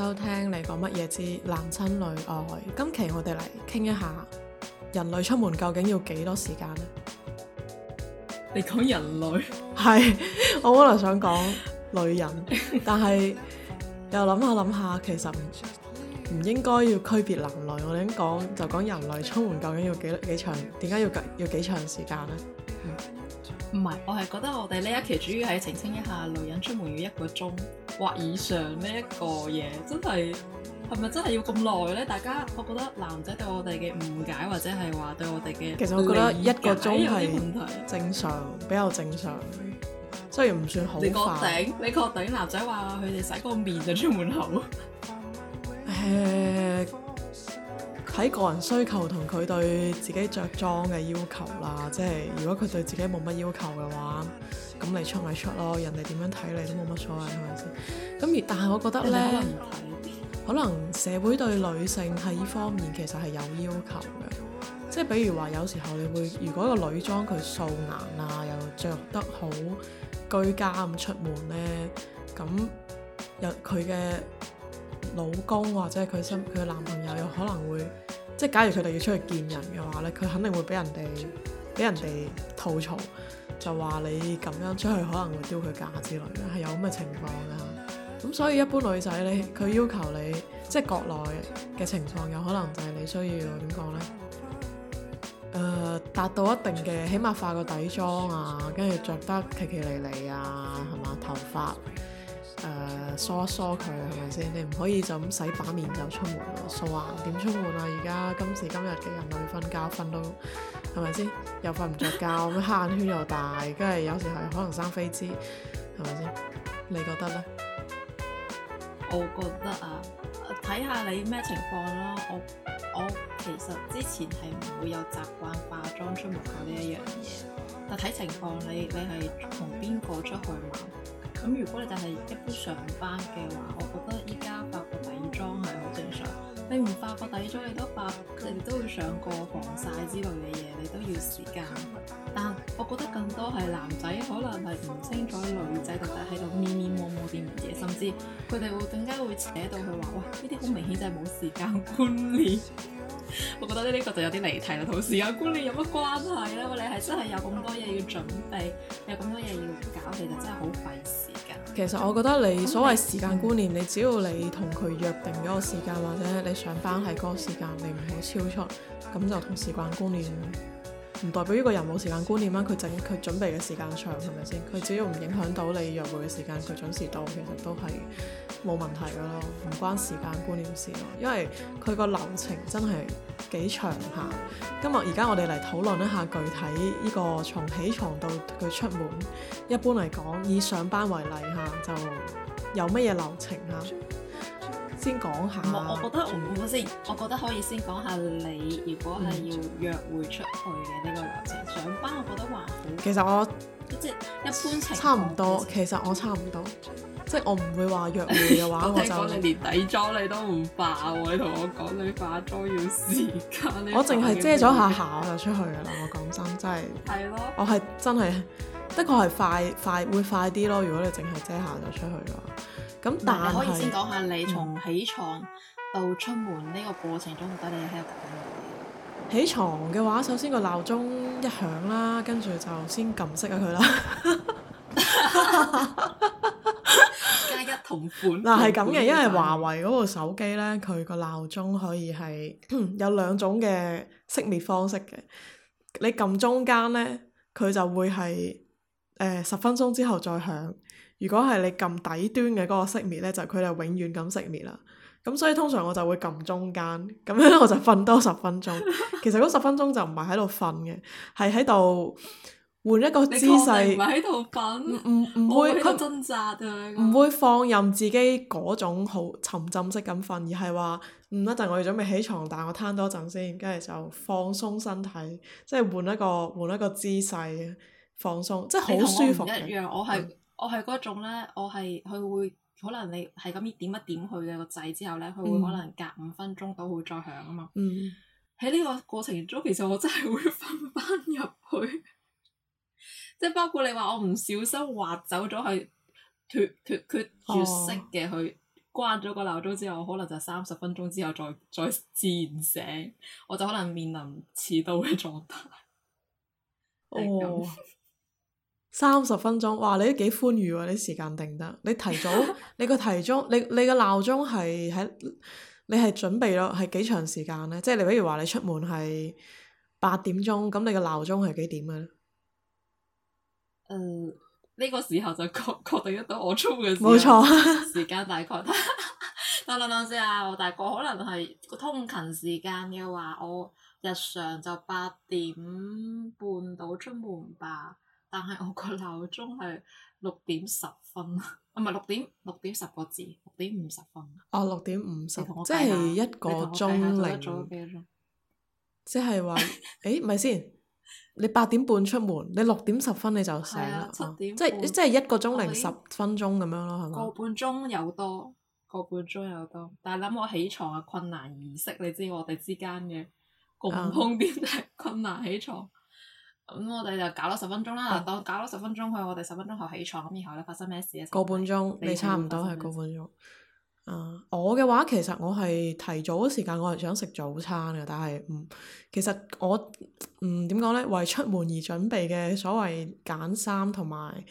收聽你講乜嘢之男親女愛，今期我哋嚟傾一下人類出門究竟要幾多時間呢？你講人類係，我本來想講女人，但係又諗下諗下，其實唔應該要區別男女，我哋咁講就講人類出門究竟要幾幾長？點解要要幾長時間呢？嗯唔係，我係覺得我哋呢一期主要係澄清一下，女人出門要一個鐘或以上呢一個嘢，真係係咪真係要咁耐咧？大家，我覺得男仔對我哋嘅誤解或者係話對我哋嘅。其實我覺得一個鐘係正常，比較正常，雖然唔算好，你確定？你確定男仔話佢哋洗個面就出門口？ uh 睇個人需求同佢對自己着裝嘅要求啦，即係如果佢對自己冇乜要求嘅話，咁你出咪出咯，人哋點樣睇你都冇乜所謂，係咪先？咁 而樂但係我覺得咧，可能，可能社會對女性喺呢方面其實係有要求嘅，即係比如話有時候你會，如果個女裝佢素顏啊又着得好居家咁出門咧，咁又佢嘅老公或者係佢身佢嘅男朋友又可能會。即係假如佢哋要出去見人嘅話咧，佢肯定會俾人哋俾人哋吐槽，就話你咁樣出去可能會丟佢架之類嘅，係有咁嘅情況嘅。咁所以一般女仔咧，佢要求你即係國內嘅情況，有可能就係你需要點講咧？誒，達、呃、到一定嘅，起碼化個底妝啊，跟住着得奇奇離離啊，係嘛，頭髮。誒、呃、梳一梳佢係咪先？你唔可以就咁洗把面就出門咯，素顏點出門啊？而家今時今日嘅人類瞓覺瞓到係咪先？又瞓唔着覺，咁 黑眼圈又大，跟係有時係可能生飛滋，係咪先？你覺得咧？我覺得啊，睇下你咩情況咯。我我其實之前係唔會有習慣化妝出門口呢一樣嘢，但睇情況，你你係同邊個出去玩？嗯嗯嗯嗯咁如果你就係一般上班嘅話，我覺得依家化個底妝係好正常。你唔化個底妝，你都化，你都會上個防曬之類嘅嘢，你都要時間。我覺得更多係男仔可能係唔清楚女仔到底喺度咪咪摸摸啲乜嘢，甚至佢哋會更加會扯到佢話，哇，呢啲好明顯就係冇時間觀念。 我覺得呢呢個就有啲離題啦，同時間觀念有乜關係咧？你係真係有咁多嘢要準備，有咁多嘢要搞，其實真係好費時間。其實我覺得你所謂時間觀念，就是，你只要你同佢約定嗰個時間，或者你上班係嗰個時間，你唔好超出，咁就同時間觀念。唔代表呢個人冇時間觀念啦，佢整佢準備嘅時間長係咪先？佢只要唔影響到你約會嘅時間，佢準時到，其實都係冇問題噶咯，唔關時間觀念事咯。因為佢個流程真係幾長下。今日而家我哋嚟討論一下具體呢個從起床到佢出門，一般嚟講以上班為例嚇，就有乜嘢流程嚇？先講下，我我覺得我先，我覺得可以先講下你。如果係要約會出去嘅呢個流程，上班我覺得還好。其實我即係一般情況，差唔多。其實我差唔多，即係我唔會話約會嘅話，我就連底妝你都唔化喎。你同我講你化妝要時間，我淨係遮咗下瑕就出去噶啦。我講真真係，係咯，我係真係的確係快快會快啲咯。如果你淨係遮下就出去嘅話。咁但係，可以先講下你從起床到出門呢個過程中，到底喺度講咩嘢？起床嘅話，首先個鬧鐘一響啦，跟住就先撳熄咗佢啦。加一同款嗱係咁嘅，因為華為嗰部手機咧，佢個鬧鐘可以係有兩種嘅熄滅方式嘅。你撳中間咧，佢就會係誒、呃、十分鐘之後再響。如果係你撳底端嘅嗰個熄滅呢，就佢就永遠咁熄滅啦。咁所以通常我就會撳中間，咁樣我就瞓多十分鐘。 其實嗰十分鐘就唔係喺度瞓嘅，係喺度換一個姿勢。唔係喺度瞓。唔唔會佢掙扎啊。唔會放任自己嗰種好沉浸式咁瞓，而係話，嗯，一陣我要準備起床，但我攤多陣先，跟住就放鬆身體，即係換一個換一個姿勢，放鬆，你 即係好舒服嘅。我係嗰種呢，我係佢會可能你係咁點一點佢嘅個掣之後呢，佢會可能隔五分鐘都會再響啊嘛。喺呢、嗯、個過程中，其實我真係會瞓返入去， 即係包括你話我唔小心滑走咗係脫脫脫色嘅去、哦、關咗個鬧鐘之後，我可能就三十分鐘之後再再自然醒，我就可能面臨遲到嘅狀態。哦。 三十分鐘，哇！你都幾寬裕喎。你時間定得，你提早，你個提鐘，你你個鬧鐘係喺，你係準備咯，係幾長時間呢？即係你比如話你出門係八點鐘，咁你個鬧鐘係幾點嘅呢？誒、呃，呢、這個時候就確確定得到我出門嘅時間，冇沒錯， 時間大概諗諗先啊！我大概可能係通勤時間嘅話，我日常就八點半到出門吧。但係我個鬧鐘係六點十分，唔係六點六點十個字，六點五十分。哦，六點五十，即係一個鐘零。0, 即係話，誒、 欸，唔係先？你八點半出門，你六點十分你就醒啦， 即係即係一個鐘零十分鐘咁樣咯，係嘛？吧個半鐘有多，個半鐘有多，但係諗我起床嘅困難儀式，你知我哋之間嘅共通點係困難起床。啊 咁、嗯、我哋就搞咗十分鐘啦，嗱，當搞咗十分鐘去，去我哋十分鐘後起床，咁然後咧發生咩事咧，啊？個半鐘，你，你差唔多係個半鐘。啊，我嘅話其實我係提早嘅時間，我係想食早餐嘅，但係唔，其實我唔點講咧，為出門而準備嘅所謂揀衫同埋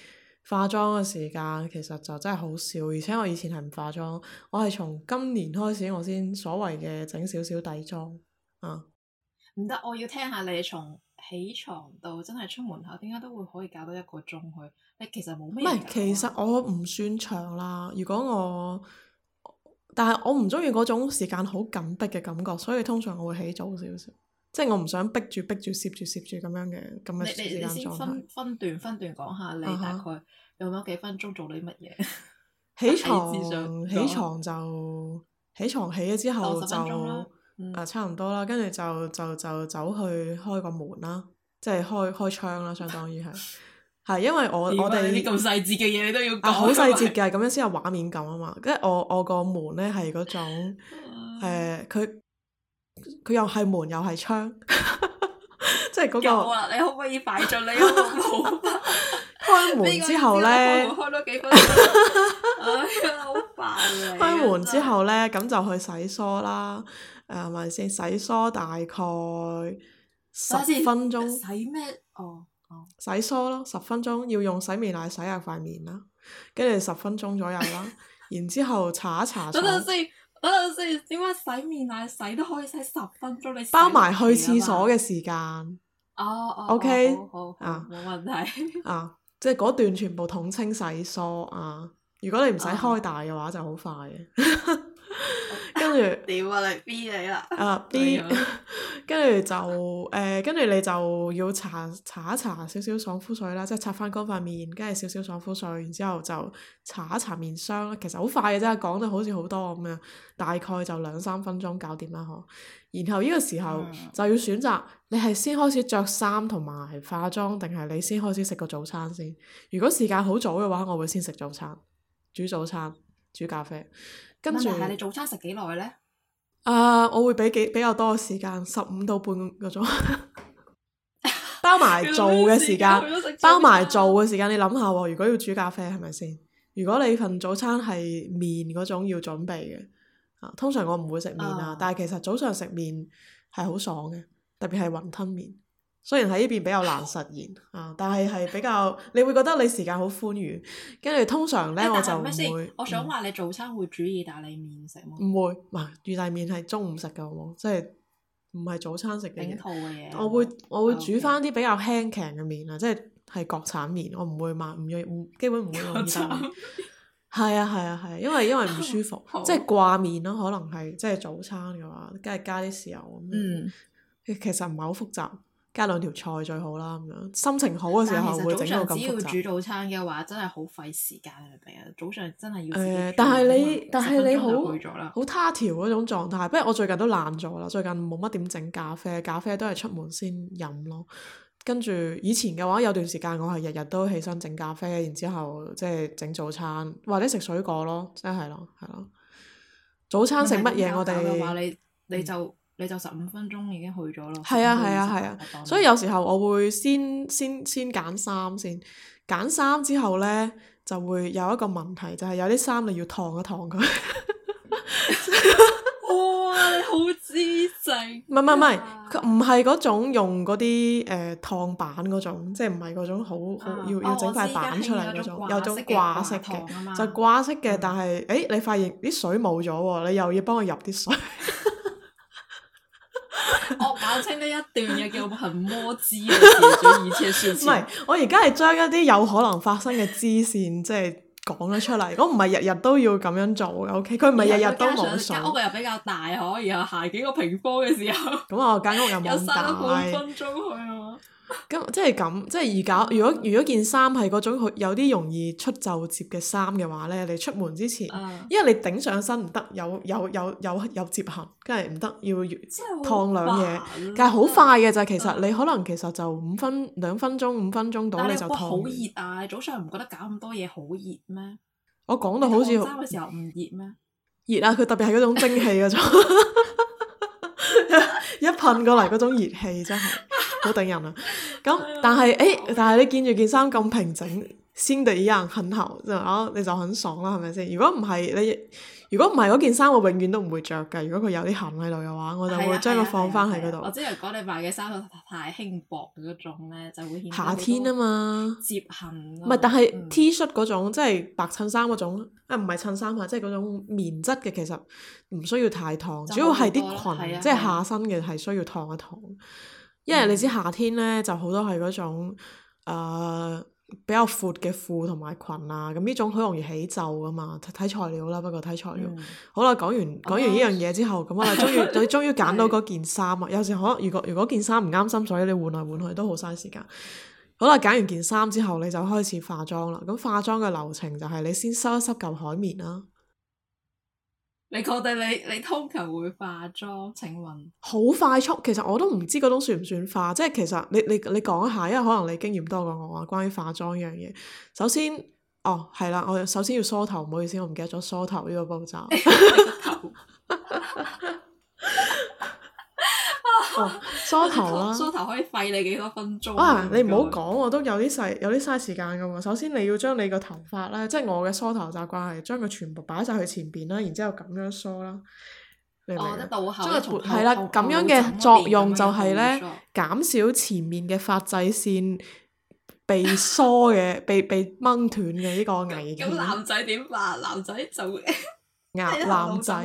化妝嘅時間，其實就真係好少，而且我以前係唔化妝，我係從今年開始，我先所謂嘅整少少底妝。啊，唔得，我要聽下你從。起床到真係出門口，點解都會可以搞到一個鐘去？你其實冇咩。唔係，其實我唔算長啦。如果我，但係我唔中意嗰種時間好緊迫嘅感覺，所以通常我會起早少少，即係我唔想逼住逼住，攝住攝住咁樣嘅咁嘅時間狀態。你你你先分分段分段講下，你大概用咗幾分鐘做啲乜嘢？Uh huh. 起床， 起床起床就起床起咗之後就。啊，差唔多啦，跟住就就就走去開個門啦，即係開開窗啦，相當於係係因為我我哋咁細節嘅嘢你都要啊，好細節嘅，咁樣先有畫面感啊嘛。跟住我我個門咧係嗰種誒，佢佢又係門又係窗，即係嗰個。你可唔可以擺住你個門好唔好？開門之後咧，開多幾分鐘。哎呀，好煩，開門之後咧，咁就去洗梳啦。啊、洗梳大概十分鐘？洗咩？哦,哦洗梳咯，十分鐘要用洗面奶洗下塊面啦，跟住十分鐘左右啦， 然之後擦一擦,擦等等。等陣先，等陣先，點解洗面奶洗都可以洗十分鐘？你包埋去廁所嘅時間。哦哦。哦、o okay ? K、哦。好。好啊。冇問題。啊，即係嗰段全部統稱洗梳啊！如果你唔使開大嘅話就，就好快嘅。 跟住着，點啊？你 B 你啦！啊 B， 跟住就誒、呃，跟住你就要擦擦一擦少少爽膚水啦，即係擦翻乾塊面，跟住少少爽膚水，然之後就擦一擦面霜啦。其實好快嘅啫，講得好似好多咁樣，大概就兩三分鐘搞掂啦～嗬，然後呢個時候就要選擇你係先開始着衫同埋化妝，定係你先開始食個早餐先？如果時間好早嘅話，我會先食早餐、煮早餐、煮咖啡。跟住，你早餐食幾耐呢？啊、呃，我會俾幾比較多嘅時間，十五到半個鐘， 包埋做嘅時間， 包埋做嘅時間。 你諗下喎，如果要煮咖啡係咪先？如果你份早餐係麵嗰種要準備嘅，啊，通常我唔會食麵啊。 但係其實早上食麵係好爽嘅，特別係雲吞麵。雖然喺呢邊比較難實現啊，但係係比較你會覺得你時間好寬裕，跟住通常咧我就唔會。我想話你早餐會煮意大利麵食嗎？唔會，嗱，意大利麵係中午食噶，好冇，即係唔係早餐食嘅。整套嘅嘢。我會我會煮翻啲比較輕鬆嘅麵啊，即係係國產麵，我唔會買，唔用，基本唔會用意大利麵。係啊係啊係，因為因為唔舒服，即係掛麵咯，可能係即係早餐嘅話，跟住加啲豉油咁。嗯。其實唔係好複雜。加兩條菜最好啦，咁樣心情好嘅時候會整到咁複雜。早上只要煮早餐嘅話，真係好費時間嚟嘅。早上真係要誒、呃，但係你，咁樣但係你好好他條嗰種狀態。不如我最近都懶咗啦，最近冇乜點整咖啡，咖啡都係出門先飲咯。跟住以前嘅話，有段時間我係日日都起身整咖啡，然之後即係整早餐或者食水果咯，即係咯，係咯。早餐食乜嘢？我哋你就。嗯。你就十五分鐘已經去咗咯。係啊，係啊，係啊。所以有時候我會先先先揀衫先，揀衫之後呢，就會有一個問題，就係有啲衫你要燙一燙佢。哇！你好姿勢。唔係唔係，佢唔係嗰種用嗰啲誒燙板嗰種，即係唔係嗰種好好要要整塊板出嚟嗰種，有種掛式嘅，就掛式嘅。但係誒，你發現啲水冇咗喎，你又要幫我入啲水。 我搞清呢一段嘢叫憑摸知，唔係 我而家係將一啲有可能發生嘅支線，即係講咗出嚟。如果唔係日日都要咁樣做嘅，OK。佢唔係日日都冇數。間屋，屋又比較大，可以行幾個平方嘅時候。咁 我間屋又有冇三五分鐘去啊？ 咁即係咁，即係而搞。如果如果件衫係嗰種有啲容易出皺折嘅衫嘅話咧，你出門之前，啊、因為你頂上身唔得，有有有有有折痕，跟係唔得，要燙兩嘢。啊、但係好快嘅就、啊、其實你可能其實就五分兩分鐘五分鐘到你就燙。好熱啊！早上唔覺得搞咁多嘢好熱咩？我講到好似燙衫嘅時候唔熱咩？熱啊！佢特別係嗰種蒸汽嗰種 一，一噴過嚟嗰種熱氣真係。 好頂人啊！咁但係誒，但係你見住件衫咁平整，先得一人痕頭，就咁你就很爽啦，係咪先？如果唔係你，如果唔係嗰件衫，我永遠都唔會着噶。如果佢有啲痕喺度嘅話，我就會將佢放翻喺嗰度。我之前講你買嘅衫都太輕薄嗰種咧，就會夏天啊嘛。折痕唔係，但係 T 恤嗰種，即係白襯衫嗰種，啊唔係襯衫啊，即係嗰種棉質嘅，其實唔需要太燙，主要係啲裙，即係下身嘅係需要燙一燙。因為你知夏天咧，嗯、就好多係嗰種誒、呃、比較闊嘅褲同埋裙啊。咁呢種好容易起皺噶嘛，睇材料啦。不過睇材料、嗯、好啦。講完講完呢樣嘢之後，咁我哋終於最 終於揀到嗰件衫啊。有時可能如果如果件衫唔啱心水，所以你換嚟換去都好嘥時間。好啦，揀完件衫之後，你就開始化妝啦。咁化妝嘅流程就係你先濕一濕嚿海綿啦。你確定你你通勤會化妝？請問好快速。其實我都唔知嗰種算唔算化，即係其實你你你講一下，因為可能你經驗多過我啊。關於化妝呢樣嘢，首先哦係啦，我首先要梳頭，唔好意思，我唔記得咗梳頭呢個步驟。 梳頭啦，梳頭可以費你幾多分鐘啊！你唔好講，我都有啲細，有啲嘥時間噶喎。首先你要將你個頭髮咧，即係我嘅梳頭習慣係將佢全部擺晒去前邊啦，然之後咁樣梳啦。哦，即係倒後。係啦，咁樣嘅作用就係咧，減少前面嘅髮際線被梳嘅，被被掹斷嘅呢個危機。咁男仔點辦？男仔就男仔。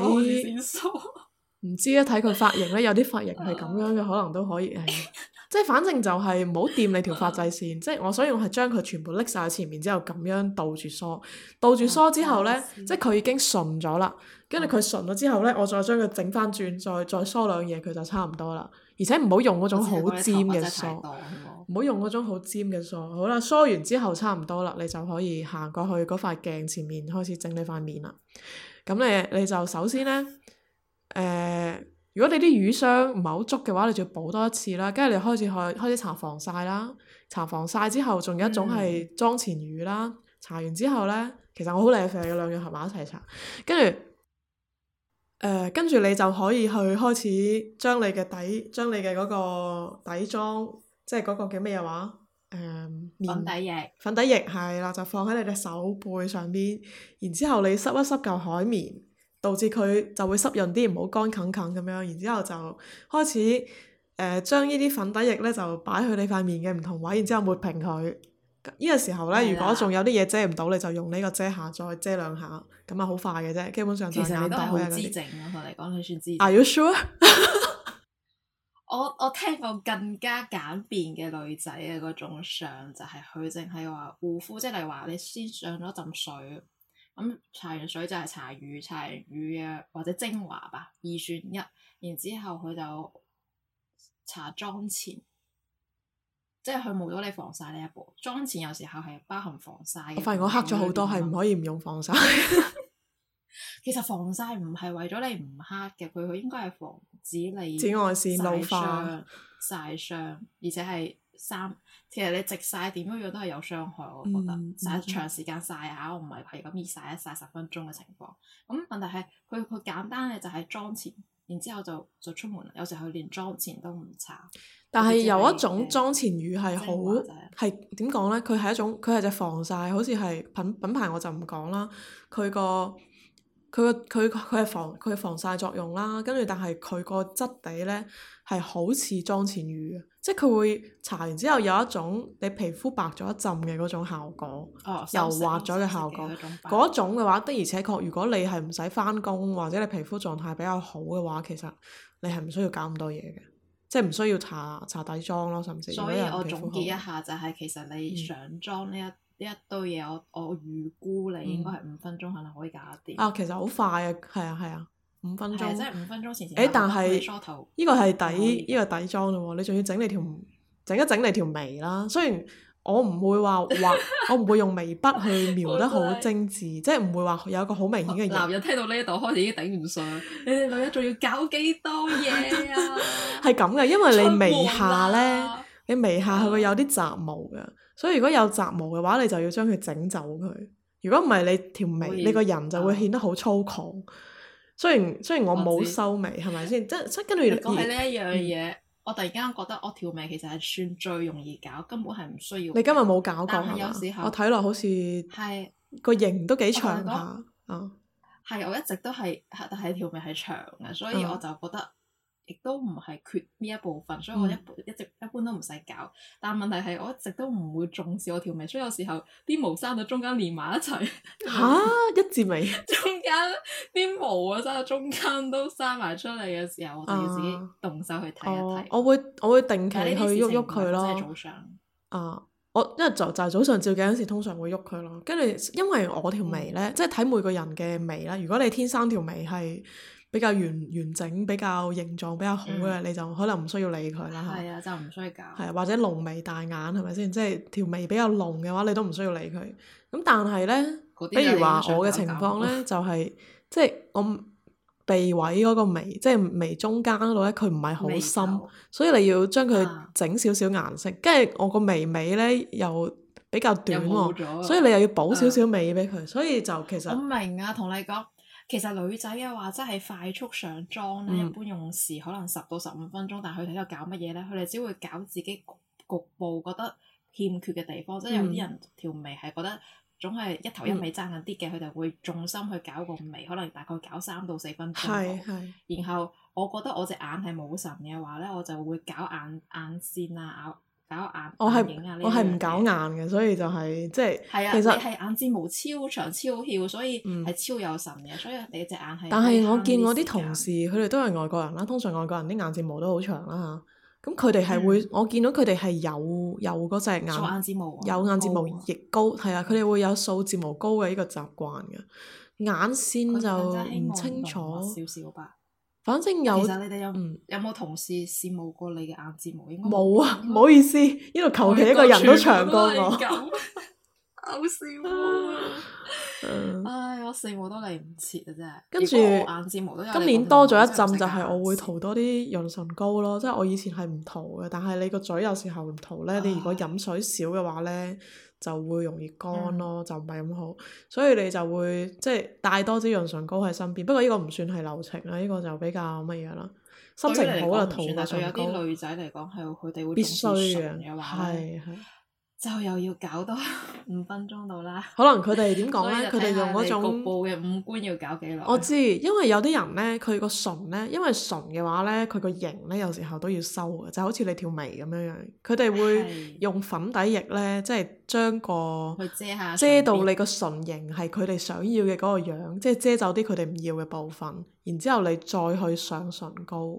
唔知咧，睇佢髮型咧，有啲髮型係咁樣嘅，可能都可以， 即係反正就係唔好掂你條髮際線。 即係我所以，我係將佢全部拎晒喺前面之後，咁樣倒住梳，倒住梳之後咧， 即係佢已經順咗啦。跟住佢順咗之後咧，我再將佢整翻轉，再再梳兩嘢，佢就差唔多啦。而且唔好用嗰種好尖嘅梳，唔好用嗰種好尖嘅梳。好啦，梳完之後差唔多啦，你就可以行過去嗰塊鏡前面開始整呢塊面啦。咁你你就首先咧。誒、呃，如果你啲乳霜唔係好足嘅話，你就要補多一次啦。跟住你開始去開始搽防曬啦，搽防曬之後，仲有一種係妝前乳啦。搽完之後呢，其實我好靚嘅兩樣合埋一齊搽。跟住誒，跟、呃、住你就可以去開始將你嘅底，將你嘅嗰個底妝，即係嗰個叫咩話，誒、粉底液，粉底液係啦，就放喺你隻手背上邊，然之後你濕一濕嚿海綿。導致佢就會濕潤啲，唔好乾啃啃咁樣。然之後就開始誒、呃、將呢啲粉底液咧就擺去你塊面嘅唔同位，然之後抹平佢。呢、這個時候咧，的如果仲有啲嘢遮唔到，你就用呢個遮瑕再遮兩下，咁啊好快嘅啫，基本上就眼袋，佢。其實知整、啊，我同你講你算知。Are you sure？ 我我聽過更加簡便嘅女仔嘅嗰種相，就係佢淨係話護膚，即係例如話你先上咗浸水。嗯、咁搽完水就係搽乳，搽完乳嘅或者精華吧，二選一。然之後佢就搽妝前，即係佢冇咗你防晒呢一步。妝前有時候係包含防晒。我發現我黑咗好多後，係唔可以唔用防晒。 其實防晒唔係為咗你唔黑嘅，佢佢應該係防止你紫外線老化、晒傷、晒傷，而且係。三，其實你直曬點樣樣都係有傷害，我覺得。曬、嗯嗯、長時間曬下，嗯、我唔係係咁熱曬咁易一曬十分鐘嘅情況。咁問題係佢佢簡單嘅就係妝前，然之後就就出門。有時候佢連妝前都唔搽。但係有一種妝前乳係好係點講咧？佢係一種佢係隻防曬，好似係品品牌我就唔講啦。佢個佢個佢佢係防佢係防曬作用啦。跟住但係佢個質地咧係好似妝前乳。即係佢會搽完之後有一種你皮膚白咗一陣嘅嗰種效果，又、哦、脆滑咗嘅效果。嗰種嘅話的而且確，如果你係唔使返工或者你皮膚狀態比較好嘅話，其實你係唔需要搞咁多嘢嘅，即係唔需要搽搽底妝咯，甚至。所以我總結一下的就係其實你上妝呢一呢一堆嘢，我我預估你應該係五分鐘可能可以搞掂、嗯。啊，其實好快嘅，係啊，係啊。五分鐘，係即五分鐘前前打，唔會梳頭。依個係底依個底妝咯，你仲要整你條整一整你條眉啦。雖然我唔會話畫， 我唔會用眉筆去描得好精緻， 會會即係唔會話有一個好明顯嘅。男人、啊、聽到呢一度開始已經頂唔順，你哋女人仲要搞幾多嘢啊？係咁嘅，因為你眉下咧，你眉下係會有啲雜毛嘅，所以如果有雜毛嘅話，你就要將佢整走佢。如果唔係，以你條眉你個人就會顯得好粗獷。雖然雖然我冇修眉，係咪先？是是即即跟住你講起呢一樣嘢，我突然間覺得我條眉其實係算最容易搞，根本係唔需要。你今日冇搞過係嘛？我睇落好似係是個型都幾長下。啊，係、嗯、我一直都係，但係條眉係長嘅，所以我就覺得。嗯亦都唔係缺呢一部分，所以我一一直一般都唔使搞。但問題係我一直都唔會重視我條眉，所以有時候啲毛生到中間連埋一齊。吓，一字眉？中間啲毛啊，生到 中間都生埋出嚟嘅時候，我就要自己動手去睇一睇、啊哦。我會我會定期去喐喐佢咯。即係早上。啊，我因為就就係、早上照鏡嗰時，通常會喐佢咯。跟住，因為我條眉咧，嗯、即係睇每個人嘅眉啦。如果你天生條眉係，比較完完整，比較形狀比較好嘅你就可能唔需要理佢啦嚇。係啊，就唔需要搞。係啊，或者濃眉大眼係咪先？即係條眉比較濃嘅話，你都唔需要理佢。咁但係呢，譬如話我嘅情況呢，就係即係我鼻位嗰個眉，即係眉中間嗰度呢，佢唔係好深，所以你要將佢整少少顏色。跟住我個眉尾呢，又比較短喎，所以你又要補少少眉俾佢。所以就其實我明啊，同你講。其實女仔嘅話，真係快速上妝咧，嗯、一般用時可能十到十五分鐘，但係佢喺度搞乜嘢咧？佢哋只會搞自己局部覺得欠缺嘅地方，嗯、即係有啲人條眉係覺得總係一頭一尾爭緊啲嘅，佢哋、嗯、會重心去搞個眉，可能大概搞三到四分鐘。然後我覺得我隻眼係冇神嘅話咧，我就會搞眼眼線啊，眼。我係唔搞眼嘅，所以就係即係其實你係眼睫毛超長超翹，所以係超有神嘅。所以你隻眼係。但係我見我啲同事，佢哋都係外國人啦。通常外國人啲眼睫毛都好長啦嚇。咁佢哋係會，我見到佢哋係有有嗰隻眼有眼睫毛，亦眼睫高，係啊，佢哋會有掃睫毛膏嘅呢個習慣嘅。眼線就唔清楚，少少吧。反正有，其實你哋有冇同事羨慕過你嘅眼睫毛？應該冇啊，唔好意思，呢度求其一個人都長過我，搞笑啊！唉，我羨慕都嚟唔切啊，真係。跟住眼睫毛今年多咗一浸，就係我會塗多啲潤唇膏咯。即係我以前係唔塗嘅，但係你個嘴有時候唔塗咧，你如果飲水少嘅話咧，就會容易乾咯，嗯、就唔係咁好，所以你就會即係帶多支潤唇膏喺身邊。不過呢個唔算係流程啦，呢個就比較乜嘢啦。心情好就塗潤唇膏。對於女仔嚟講，係佢哋會嘅話，必須啊！係係。就又要搞多五分鐘到啦。可能佢哋點講呢？佢哋用嗰種局部嘅五官要搞幾耐？我知，因為有啲人呢，佢個唇呢，因為唇嘅話呢，佢個型呢，有時候都要修嘅，就係、好似你條眉咁樣樣。佢哋會用粉底液呢，即係將個、哎、呀遮到你個唇形係佢哋想要嘅嗰個樣，即係、嗯、遮走啲佢哋唔要嘅、就係、部分，然之後你再去上唇膏。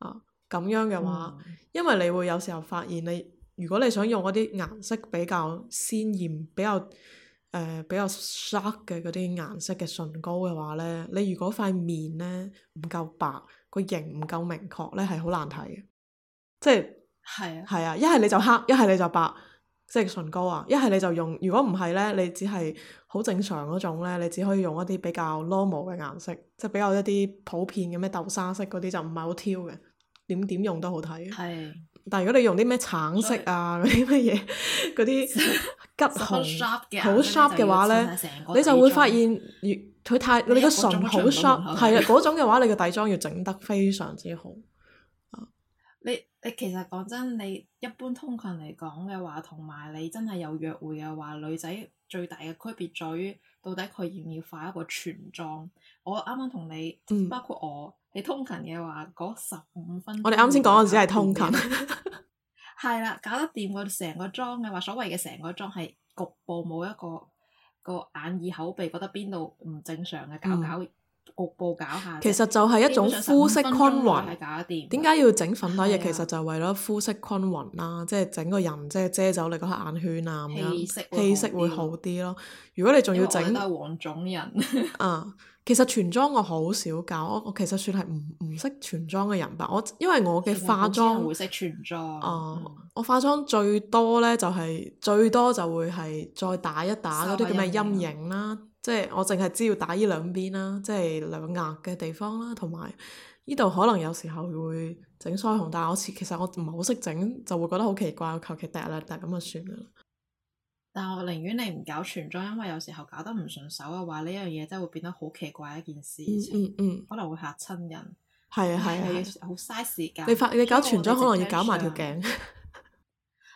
啊，咁樣嘅話，嗯、因為你會有時候發現你。如果你想用嗰啲顏色比較鮮豔、比較誒、呃、比較 shock 嘅嗰啲顏色嘅唇膏嘅話咧，你如果塊面咧唔夠白，個型唔夠明確咧，係好難睇嘅。即係係啊，係啊，一係你就黑，一係你，你就白，即係唇膏啊。一係你就用，如果唔係咧，你只係好正常嗰種咧，你只可以用一啲比較 normal 嘅顏色，即係比較一啲普遍嘅咩豆沙色嗰啲就唔係好挑嘅，點點用都好睇嘅。係。但如果你用啲咩橙色啊嗰啲乜嘢嗰啲橘紅好 sharp 嘅話咧，你就會發現，如佢太下你個唇好 sharp 係啊，嗰種嘅話，你個底妝要整得非常之好。啊、你你其實講真，你一般通勤嚟講嘅話，同埋你真係有約會嘅話，女仔最大嘅區別在於，到底佢要唔要化一個全妝？我啱啱同你，包括我。嗯你通勤嘅話，嗰十五分鐘。我哋啱先講嗰時係通勤，係啦， 搞得掂個成個妝嘅話，所謂嘅成個妝係局部冇一個個眼耳口鼻，覺得邊度唔正常嘅搞搞、嗯、局部搞下。其實就係一種膚色均匀，係搞得掂。點解要整粉底液？啊、其實就為咗膚色均匀啦，即係整個人，即係遮走你個黑眼圈啊咁樣，氣色會好啲咯。 如果你仲要整，都係黃種人。啊。 其實全妝我好少搞，我我其實算係唔唔識全妝嘅人吧。我因為我嘅化妝會識全妝。呃嗯、我化妝最多呢，就係、係、最多就會係再打一打嗰啲叫咩陰影啦，即係我淨係知道要打呢兩邊啦，即係兩額嘅地方啦，同埋呢度可能有時候會整腮紅，但係我其實我唔係好識整，就會覺得好奇怪，我求其塗兩笪咁就算啦。但係我寧願你唔搞全妝，因為有時候搞得唔順手嘅話，呢樣嘢真係會變得好奇怪一件事情，嗯嗯嗯、可能會吓親人，係啊係啊，好嘥時間。你發你搞全妝可能要搞埋條頸。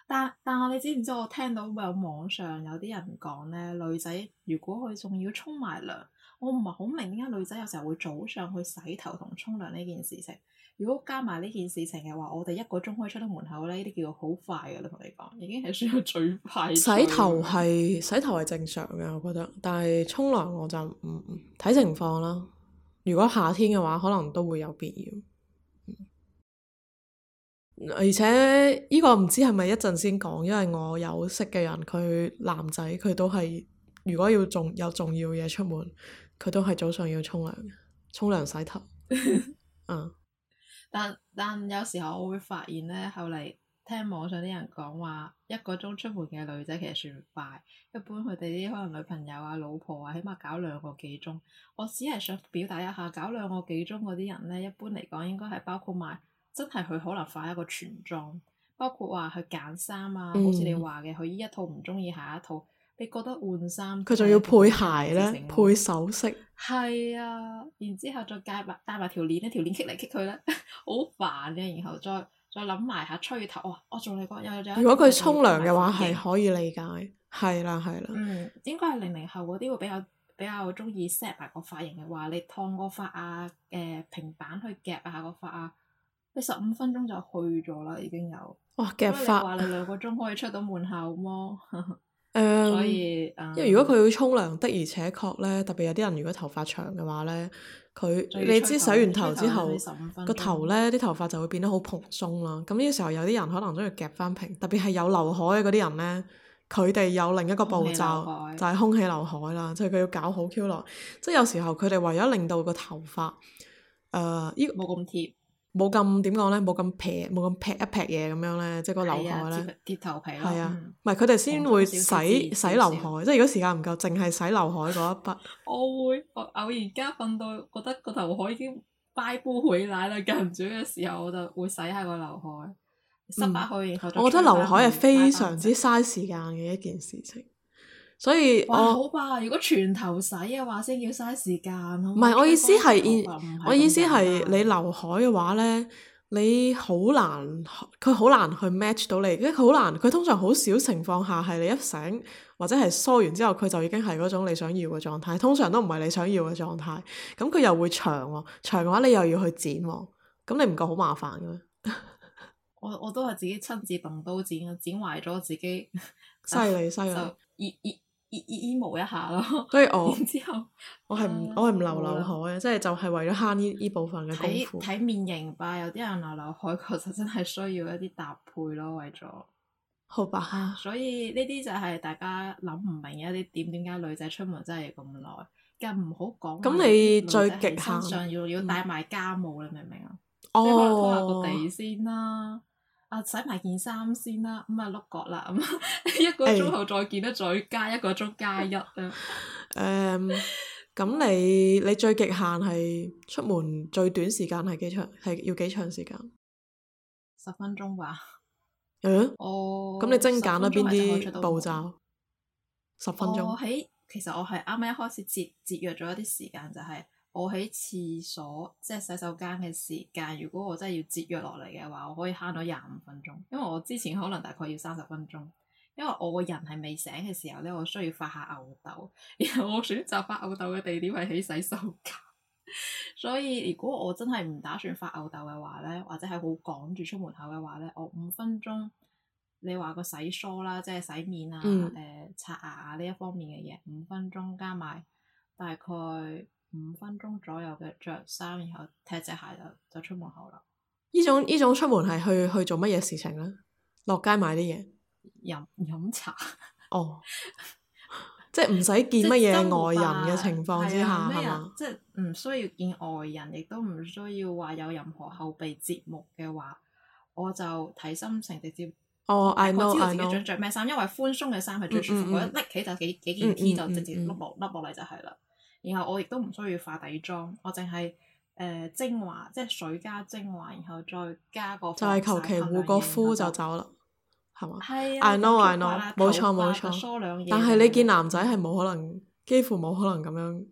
但但係你知唔知我聽到有網上有啲人講咧，女仔如果佢仲要沖埋涼，我唔係好明點解女仔有時候會早上去洗頭同沖涼呢件事情。如果加埋呢件事情嘅話，我哋一個鐘可以出到門口咧，呢啲叫做好快噶啦，同你講，已經係需要最快。洗頭係洗頭係正常嘅，我覺得，但係沖涼我就唔睇情況啦。如果夏天嘅話，可能都會有必要、嗯。而且呢、這個唔知係咪一陣先講，因為我有識嘅人，佢男仔佢都係，如果要仲有重要嘢出門，佢都係早上要沖涼，沖涼洗頭， 嗯。但但有時候我會發現咧，後嚟聽網上啲人講話，一個鐘出門嘅女仔其實算快。一般佢哋啲可能女朋友啊、老婆啊，起碼搞兩個幾鐘。我只係想表達一下，搞兩個幾鐘嗰啲人咧，一般嚟講應該係包括埋真係佢可能化一個全妝，包括話佢揀衫啊，嗯、好似你話嘅，佢呢一套唔中意，下一套。你覺得換衫，佢仲要配鞋咧，配首飾。係啊，然之後再戴埋戴埋條鏈，一條鏈棘嚟棘佢咧，好煩嘅。然後再剌剌 然後再諗埋下吹頭，哇、哦！我仲你講有有。有。如果佢沖涼嘅話，係後可以理解。係啦、嗯，係啦。嗯，應該係零零後嗰啲會比較比較中意 set 埋個髮型嘅話，你燙個發啊，誒平板去夾下個發啊，你十五分鐘就去咗啦，已經有。哇、哦！夾發。話你兩個鐘可以出到門口麼？誒，um, um, 因為如果佢要沖涼的而且確咧，特別有啲人如果頭髮長嘅話咧，佢你知洗完頭之後個頭咧啲頭,頭髮就會變得好蓬鬆啦。咁呢個時候有啲人可能鍾意夾翻平，特別係有劉海嘅嗰啲人咧，佢哋有另一個步驟，流就係空氣劉海啦，即係佢要搞好 Q 落。即係有時候佢哋為咗令到個頭髮呢個冇咁貼。冇咁點講咧，冇咁撇，冇咁劈一劈嘢咁樣咧，即係個劉海咧，跌跌頭皮咯。係啊的，唔係佢哋先會洗點點少少洗劉海，即係如果時間唔夠，淨係洗劉海嗰一筆。 我會我偶然間瞓到覺得個劉海已經拜布許奶啦，夾唔住嘅時候，我就會洗下個劉海。濕曬可以。我覺得劉海係非常之嘥時間嘅一件事情。所以，哇，我好吧，如果全頭洗嘅話先要嘥時間。唔係，我意思係，而我意思係而你劉海嘅話咧，你好難，佢好難去 match 到你，因為佢好難，佢通常好少情況下係你一醒或者係梳完之後，佢就已經係嗰種你想要嘅狀態。通常都唔係你想要嘅狀態。咁佢又會長喎，長嘅話你又要去剪喎，咁你唔覺好麻煩嘅咩？我我都係自己親自動刀剪嘅，剪壞咗自己。犀利犀利。 依依依模一下咯，所以我之後我係唔我係唔留劉海嘅，即係就係為咗慳呢呢部分嘅功夫睇面型吧，有啲人留劉海其實真係需要一啲搭配咯，為咗好吧、啊嗯，所以呢啲就係大家諗唔明嘅一啲點點解女仔出門真係咁耐，更唔好講咁你最極限上要、嗯、要帶埋家務你明唔明啊？哦、oh.，拖下個地先啦。啊洗埋件衫先啦，咁啊碌角啦，咁、嗯、一個鐘後再見得、欸、再加一個鐘加一啊。誒、 嗯，咁你你最極限係出門最短時間係幾長？係要幾長時間？十分鐘吧。嗯。哦。咁你精簡咗邊啲步驟？十分鐘。我喺、哦，其實我係啱啱一開始節節約咗一啲時間，就係、是。我喺廁所，即係洗手間嘅時間，如果我真係要節約落嚟嘅話，我可以慳咗廿五分鐘，因為我之前可能大概要三十分鐘，因為我個人係未醒嘅時候咧，我需要發下吽豆，然後我選擇發吽豆嘅地點係喺洗手間， 所以如果我真係唔打算發吽豆嘅話咧，或者係好趕住出門口嘅話咧，我五分鐘，你話個洗梳啦，即係洗面啊，嗯，誒刷牙啊呢一方面嘅嘢，五分鐘加埋大概。五分鐘左右嘅着衫，然後踢隻鞋就就出門口啦。呢種呢種出門係去去做乜嘢事情咧？落街買啲嘢，飲飲茶。哦，即係唔使見乜嘢外人嘅情況之下，係嘛？即係唔需要見外人，亦都唔需要話有任何後備節目嘅話，我就睇心情直接。哦，I know I know。我知道自己想着咩衫，因為寬鬆嘅衫係最舒服，我一拎起就幾幾件 T 就直接笠落笠落嚟就係啦。然後我亦都唔需要化底妝，我淨係誒精華，即係水加精華，然後再加個就係求其護個膚就，就走啦，係嘛、啊？I know I know，冇錯冇錯。錯但係你見男仔係冇可能，幾乎冇可能咁樣。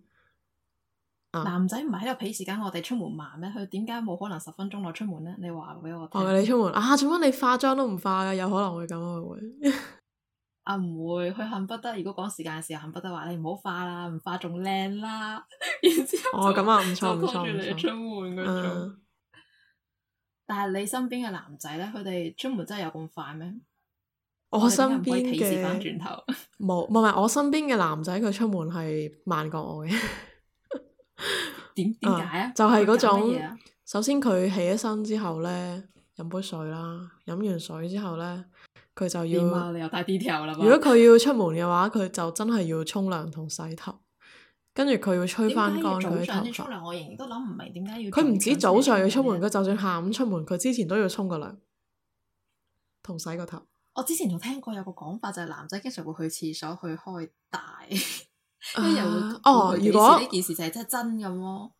嗯、男仔唔係喺度鄙視緊我哋出門慢咩？佢點解冇可能十分鐘內出門咧？你話俾我聽。話、啊、你出門啊？做乜你化妝都唔化㗎、啊？有可能會咁啊會？ 啊唔會，佢恨不得如果講時間嘅時候恨不得話你唔好化啦，唔化仲靚啦。然之後就拖住、哦、你出門嗰、啊、唔錯、唔錯、但係你身邊嘅男仔咧，佢哋出門真係有咁快咩？我身邊嘅冇，唔係我身邊嘅男仔，佢出門係慢過我嘅。點點解啊？就係、是、嗰種，首先佢起咗身之後咧，飲杯水啦，飲完水之後咧。佢就要。啊、你帶條如果佢要出門嘅話，佢就真係要沖涼同洗頭，跟住佢要吹翻乾佢頭髮。點解要早上先沖涼？我仍然都諗唔明點解要。佢唔止早上要出門，佢就算下午出門，佢之前都要沖個涼同洗個頭。我之前仲聽過有個講法，就係、是、男仔經常會去廁所去開大，跟住哦，如果呢件事就係真真咁咯。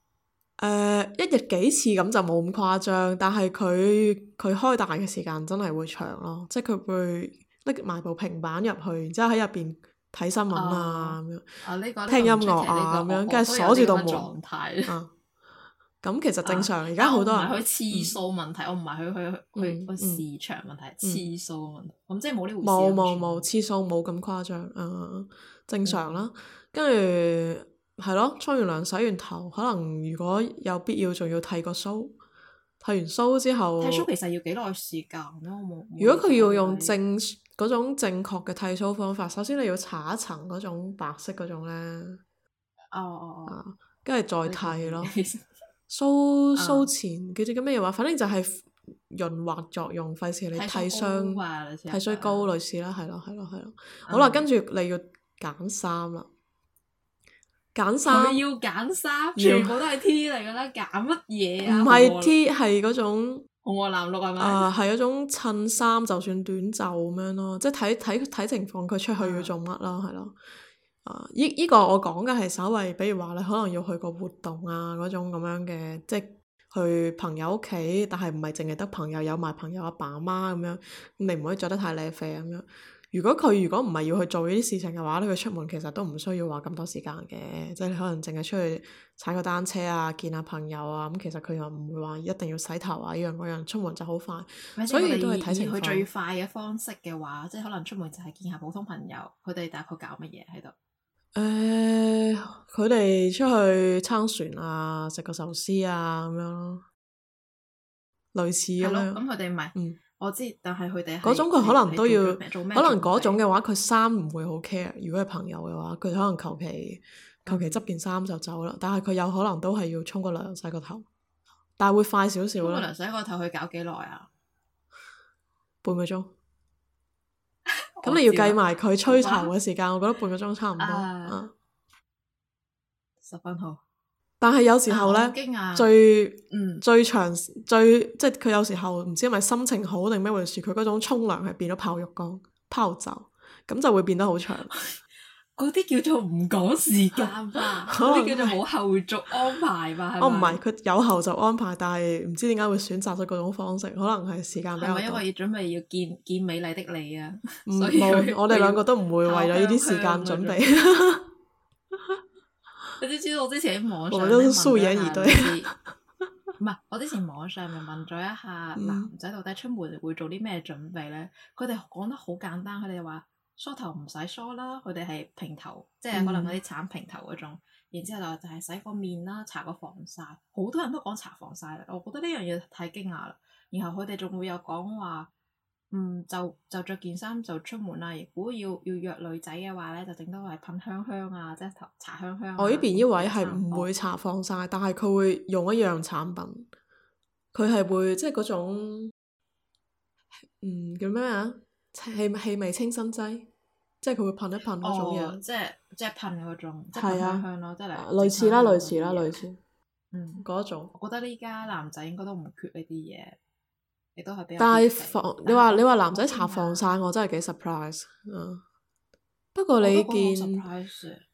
誒，一日幾次咁就冇咁誇張，但係佢佢開大嘅時間真係會長咯，即係佢會搦埋部平板入去，然之後喺入邊睇新聞啊咁樣，聽音樂啊咁樣，跟住鎖住度門。咁其實正常，而家好多人。唔係佢次數問題，我唔係佢佢佢時長問題，次數問題，咁即係冇呢回事。冇冇冇冇，次數冇咁誇張啊，正常啦，跟住。係咯，沖完涼洗完頭，可能如果有必要，仲要剃個鬚。剃完鬚之後，剃鬚其實要幾耐時間咧？如果佢要用正嗰種正確嘅剃鬚方法，首先你要搽一層嗰種白色嗰種咧。哦哦哦。啊，跟住再剃咯。鬚鬚前叫做叫咩話？反正就係潤滑作用，費事你剃傷。剃鬚膏類似啦，係咯，係咯，係咯。好啦，跟住你要揀衫啦。揀衫，要揀衫，全部都係 T 嚟噶啦，揀乜嘢啊？唔係是 T，係嗰種，紅黃藍綠係嘛？啊，係嗰、呃、種襯衫，就算短袖咁樣咯，即係睇睇睇情況，佢出去要做乜咯，係咯的。啊，呢、呃、呢、這個我講嘅係稍微，比如話你可能要去個活動啊，嗰種咁樣嘅，即係去朋友屋企，但係唔係淨係得朋友，有埋朋友阿爸阿媽咁樣，你唔可以着得太靚肥咁樣。如果佢如果唔係要去做呢啲事情嘅話咧，佢出門其實都唔需要話咁多時間嘅，即係可能淨係出去踩個單車啊，見下朋友啊，咁其實佢又唔會話一定要洗頭啊，依樣嗰樣出門就好快，等等，所以我哋都係睇情況。佢最快嘅方式嘅話，嗯、即係可能出門就係見下普通朋友，佢哋大概搞乜嘢喺度。誒、呃，佢哋出去撐船啊，食個壽司啊咁樣咯，類似咁樣，咁佢哋唔係。嗯嗯我知，但係佢哋嗰種，佢可能都要，可能嗰種嘅話佢衫唔會好 care。如果係朋友嘅話，佢可能求其求其執件衫就走啦。但係佢有可能都係要沖個涼洗個頭，但係會快少少啦。沖個涼洗個頭佢搞幾耐啊？半個鐘。咁 你要計埋佢吹頭嘅時間， 我覺得半個鐘差唔多。十、uh, 啊、分好。但係有時候呢，最、嗯、最長最即係佢有時候唔知係咪心情好定咩回事，佢嗰種沖涼係變咗泡浴缸泡澡，咁就會變得好長。嗰啲 叫做唔講時間吧，嗰啲 是 叫做冇後續安排吧。哦，唔係佢有後續安排，但係唔知點解會選擇咗嗰種方式，可能係時間比較多。 因為要準備要見見美麗的你啊，唔 以他 我哋兩個都唔會為咗呢啲時間準備。 你知唔知道我之前喺網上咪問咗一下， 唔係我之前網上咪問咗一下，男仔到底出門會做啲咩準備咧？佢哋講得好簡單，佢哋話梳頭唔使梳啦，佢哋係平頭，即係可能嗰啲鏟平頭嗰種。然之後就就係洗個面啦，搽個防曬。好多人都講搽防曬啦，我覺得呢樣嘢太驚訝啦。然後佢哋仲會有講話。嗯，就就著件衫就出門啦。如果要要約女仔嘅話咧，就頂多係噴香香啊，即係搽香香、啊。我呢邊呢位係唔會搽防晒，但係佢會用一樣產品，佢係會即係嗰種，嗯，叫咩啊，氣氣味清新劑，即係佢會噴一噴嗰種嘢。哦，即係即係噴嗰種，即係噴香香咯、啊，即係、啊、類似啦，類似啦，類似。嗯，嗰種。我覺得呢家男仔應該都唔缺呢啲嘢。但係防，你話你話男仔搽防曬，我真係幾 surprise。嗯、啊，不過你見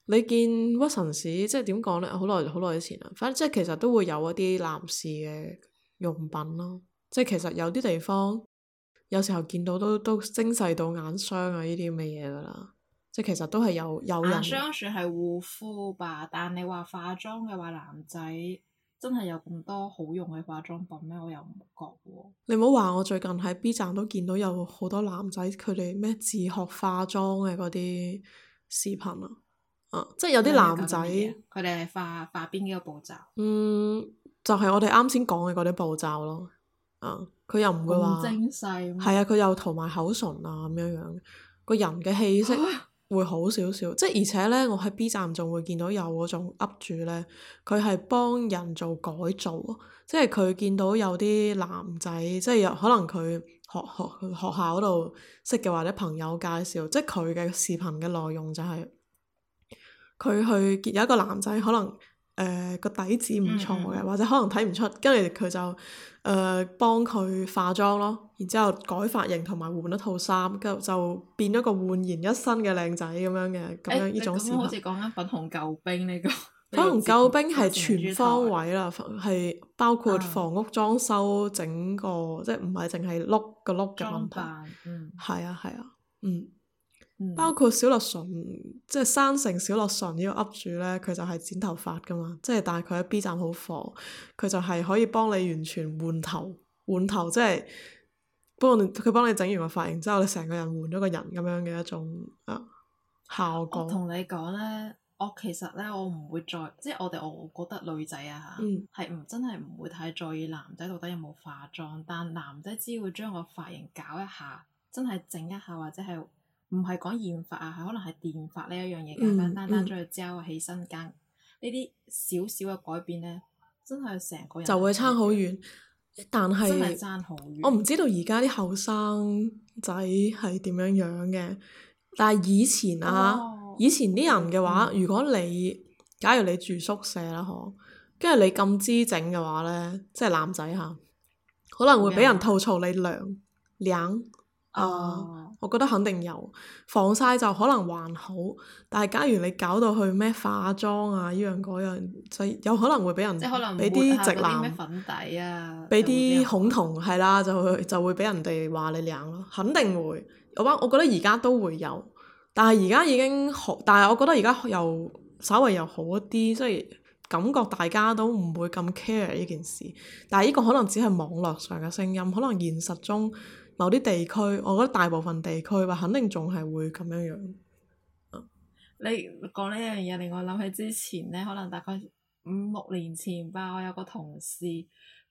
你見屈臣氏，即係點講呢？好耐好耐以前啦，反正即係其實都會有一啲男士嘅用品咯。即係其實有啲地方，有時候見到都都精細到眼霜啊呢啲咁嘅嘢噶啦。即係其實都係有有人。眼霜算係護膚吧，但係你話化妝嘅話，男仔。真係有咁多好用嘅化妝品咩？我又唔覺喎。你唔好話我最近喺 B 站都見到有好多男仔佢哋咩自學化妝嘅嗰啲視頻啊，啊即係有啲男仔佢哋係化化邊幾個步驟？嗯，就係我哋啱先講嘅嗰啲步驟咯。啊，佢又唔會話，係啊，佢又塗埋口唇啊咁樣樣，個人嘅氣色。哎會好少少，即而且呢，我喺 B 站仲會見到有嗰種 up 主呢，佢係幫人做改造，即係佢見到有啲男仔，即係可能佢學學學校嗰度識嘅或者朋友介紹，即係佢嘅視頻嘅內容就係、是、佢去見有一個男仔，可能誒個、呃、底子唔錯嘅，嗯、或者可能睇唔出，跟住佢就誒、呃、幫佢化妝咯。然之後改髮型同埋換一套衫，跟住就變咗個煥然一新嘅靚仔咁樣嘅，咁樣呢、欸、種事。咁好似講緊粉紅救兵呢、這個。粉紅 救兵係全方位啦，係、嗯、包括房屋裝修整個，嗯、即係唔係淨係碌個碌嘅問題。嗯。係啊係啊，嗯，嗯包括小栗旬，即係山城小栗旬呢個 up 主呢，佢就係剪頭髮噶嘛，即係但係佢喺 B 站好火，佢就係可以幫你完全換頭換頭，即係。不過佢幫你整完個髮型之後，你成個人換咗個人咁樣嘅一種啊效果。我同你講咧，我其實咧我唔會再即係我哋，我覺得女仔啊吓，係唔、嗯、真係唔會太在意男仔到底有冇化妝，但男仔只會將個髮型搞一下，真係整一下或者係唔係講染髮啊，係可能係電髮呢一樣嘢，簡簡、嗯、單單咗個膠起身間呢啲小小嘅改變咧，真係成個人就會差好遠。但係，我唔知道而家啲後生仔係點樣樣嘅。但係以前啊，哦、以前啲人嘅話，嗯、如果你假如你住宿舍啦，嗬，跟住你咁姿整嘅話咧，即係男仔嚇、啊，可能會畀人吐槽你娘娘。啊。哦呃我覺得肯定有防曬就可能還好，但係假如你搞到去咩化妝啊，呢樣嗰樣，就有可能會俾人俾啲直男粉底啊，俾啲恐同係啦，就會就會俾人哋話你靚咯，肯定會。對。我我覺得而家都會有，但係而家已經好，但係我覺得而家又稍微又好一啲，即係感覺大家都唔會咁 care 呢件事。但係呢個可能只係網絡上嘅聲音，可能現實中。某啲地區，我覺得大部分地區話肯定仲係會咁樣樣。你講呢樣嘢令我諗起之前呢，可能大概五六年前吧。我有個同事，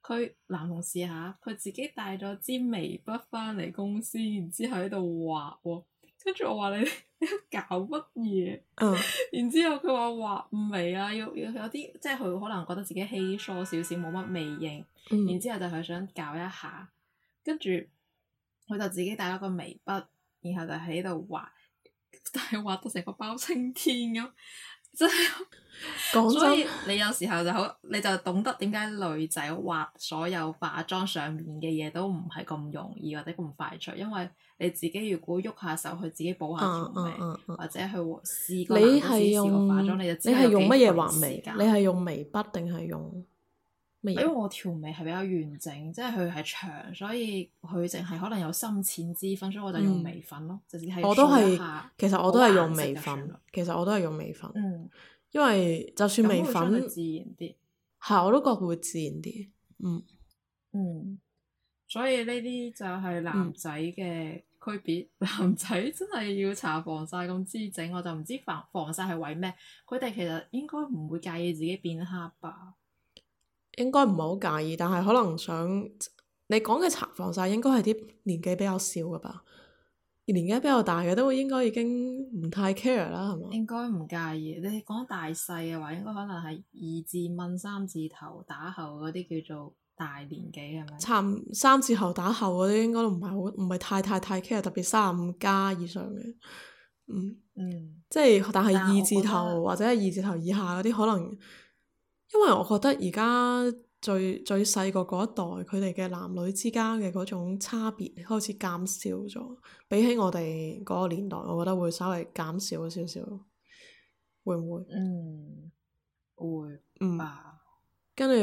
佢男同事嚇，佢自己帶咗支眉筆翻嚟公司，然之後喺度畫喎。跟住我話你，你搞乜嘢？嗯。 然之後佢話畫眉啊，要，要有啲即係佢可能覺得自己稀疏少少，冇乜眉形。嗯。然之後就係想搞一下，跟住。佢就自己帶咗個眉筆，然後就喺度畫，但係畫到成個包青天咁，真係。講真，所以你有時候就好，你就懂得點解女仔畫所有化妝上面嘅嘢都唔係咁容易或者咁快脆，因為你自己如果喐下手去自己補下條眉，啊啊啊啊、或者去試過。你係是用你係用乜嘢畫眉㗎？眉眉你係用眉筆定係用？因為我條眉係比較完整，即係佢係長，所以佢淨係可能有深淺之分，所以我就用眉粉咯，直接係做一下。其實我都係用眉粉，其實我都係用眉粉。嗯，因為就算眉粉，會自然啲，係我都覺佢會自然啲。嗯嗯，所以呢啲就係男仔嘅區別。嗯、男仔真係要搽防曬咁姿整，我就唔知防防曬係為咩。佢哋其實應該唔會介意自己變黑吧。應該唔係好介意，但係可能想你講嘅搽防曬應該係啲年紀比較少嘅吧，年紀比較大嘅都應該已經唔太 care 啦，係嘛？應該唔介意，你講大細嘅話，應該可能係二字問三字頭打後嗰啲叫做大年紀係咪？差三字頭打後嗰啲應該都唔係好，唔係太太太 care，特別三十五加以上嘅，嗯嗯，即係但係二字頭或者係二字頭以下嗰啲可能。因為我覺得而家最最細個嗰一代，佢哋嘅男女之間嘅嗰種差別開始減少咗，比起我哋嗰個年代，我覺得會稍微減少少少，會唔會？嗯，會，唔啊，跟住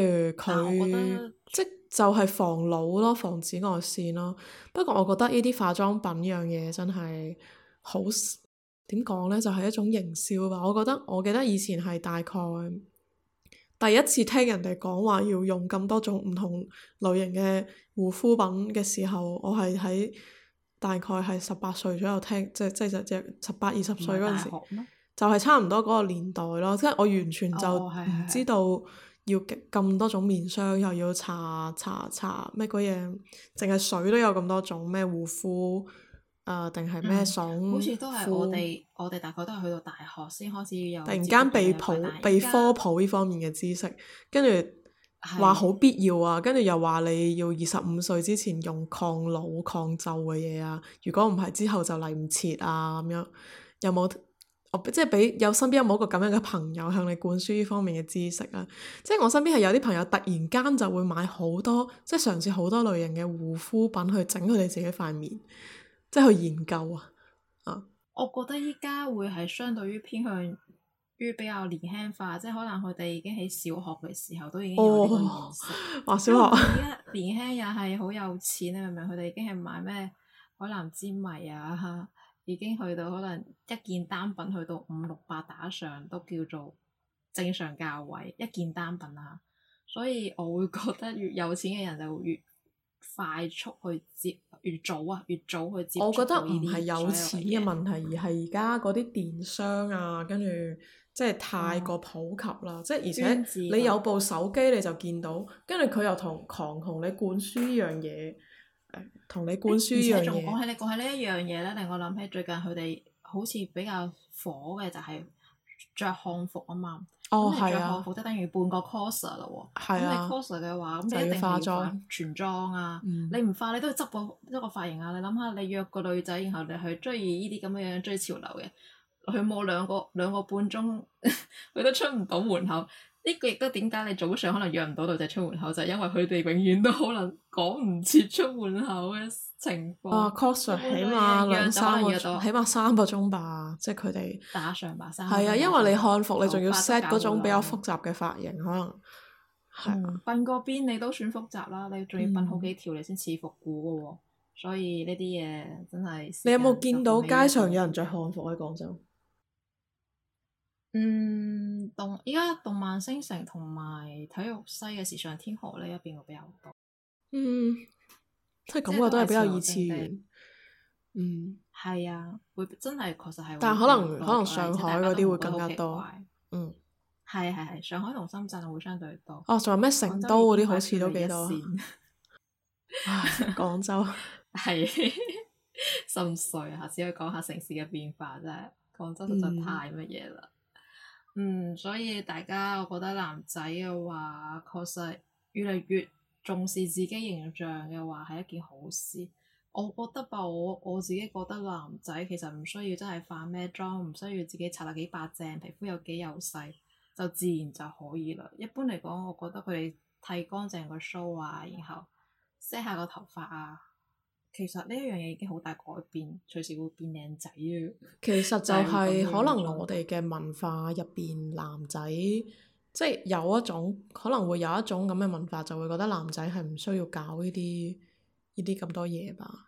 佢，即就係防老咯，防紫外線咯。不過我覺得呢啲化妝品呢樣嘢真係好點講呢？就係、是、一種營銷吧。我覺得我記得以前係大概。第一次聽人哋講話要用咁多種唔同類型嘅護膚品嘅時候，我係喺大概係十八歲左右聽，即即即十八二十歲嗰陣時，就係差唔多嗰個年代咯。即我完全就唔知道要咁多種面霜，又要搽搽搽咩鬼嘢，淨係水都有咁多種咩護膚。啊，定係咩？爽、嗯、敷好似都係我哋， 我哋大概都係去到大學先開始有突然間被普被科普呢方面嘅知識，跟住話好必要啊，跟住的又話你要二十五歲之前用抗老抗皺嘅嘢啊，如果唔係之後就嚟唔切啊咁樣。有冇即係俾有身邊有冇一個咁樣嘅朋友向你灌輸呢方面嘅知識啊？即係我身邊係有啲朋友突然間就會買好多，即係嘗試好多類型嘅護膚品去整佢哋自己塊面。都係研究啊！啊，我覺得依家會係相對於偏向於比較年輕化，即係可能佢哋已經喺小學嘅時候都已經有呢個認識。哇、哦哦哦！小學，依家年輕人係好有錢啊！你明唔明佢哋已經係買咩海南芝迷啊，已經去到可能一件單品去到五六百打上都叫做正常價位一件單品啊！所以我會覺得越有錢嘅人就會越。快速去接越早啊，越早去接。我覺得唔係有錢嘅問題，而係而家嗰啲電商啊，嗯、跟住即係太過普及啦。嗯、即係而且你有部手機你就見到，跟住佢又同、嗯、狂同你灌輸呢樣嘢，同你灌輸。而且仲講起你講起呢一樣嘢咧，令我諗起最近佢哋好似比較火嘅就係着漢服啊嘛。哦，係後啊，好得。等於半個 course 咯喎。係啊，咁你 course 嘅話，咁你一定要化全妝啊。嗯、你唔化，你都要執個一個髮型啊。你諗下，你約個女仔，然後你去追呢啲咁嘅樣，追潮流嘅，佢冇兩個兩個半鐘，佢 都出唔到門口。呢、這個亦都點解你早上可能約唔到女仔出門口，就係，因為佢哋永遠都可能講唔切出門口嘅。情況啊確實起碼兩三個鐘，起碼三個鐘吧，即係佢哋打上吧三。係啊，因為你漢服你仲要 set 嗰種比較複雜嘅髮型，可能係啊。瞓嗰邊你都算複雜啦，你仲、嗯、要瞓好幾條，你先似復古嘅喎。嗯、所以呢啲嘢真係。你有冇見到街上有人着漢服喺廣州？嗯，動依家動漫星城同埋體育西嘅時尚天河呢，一邊會比較多。嗯。即係感覺都係比較二次元，嗯，係啊，會真係確實係會。但可能可能上海嗰啲會更加多，嗯，係係係，上海同深圳會相對多。哦、嗯，仲、啊、有咩成都嗰啲好似都幾多？ 啊，廣州係心碎啊！下次去講下說說城市嘅變化，啫。係廣州實在太乜嘢啦。嗯，嗯，所以大家我覺得男仔嘅話，確實越嚟越。重視自己形象嘅話係一件好事，我覺得吧，我我自己覺得男仔其實唔需要真係化咩妝，唔需要自己擦到幾白淨，皮膚又幾幼細，就自然就可以啦。一般嚟講，我覺得佢哋剃乾淨個須啊，然後 set 下個頭髮啊，其實呢一樣嘢已經好大改變，隨時會變靚仔。其實就係可能我哋嘅文化入邊，男仔。即係有一種可能會有一種咁嘅文化，就會覺得男仔係唔需要搞呢啲呢啲咁多嘢吧。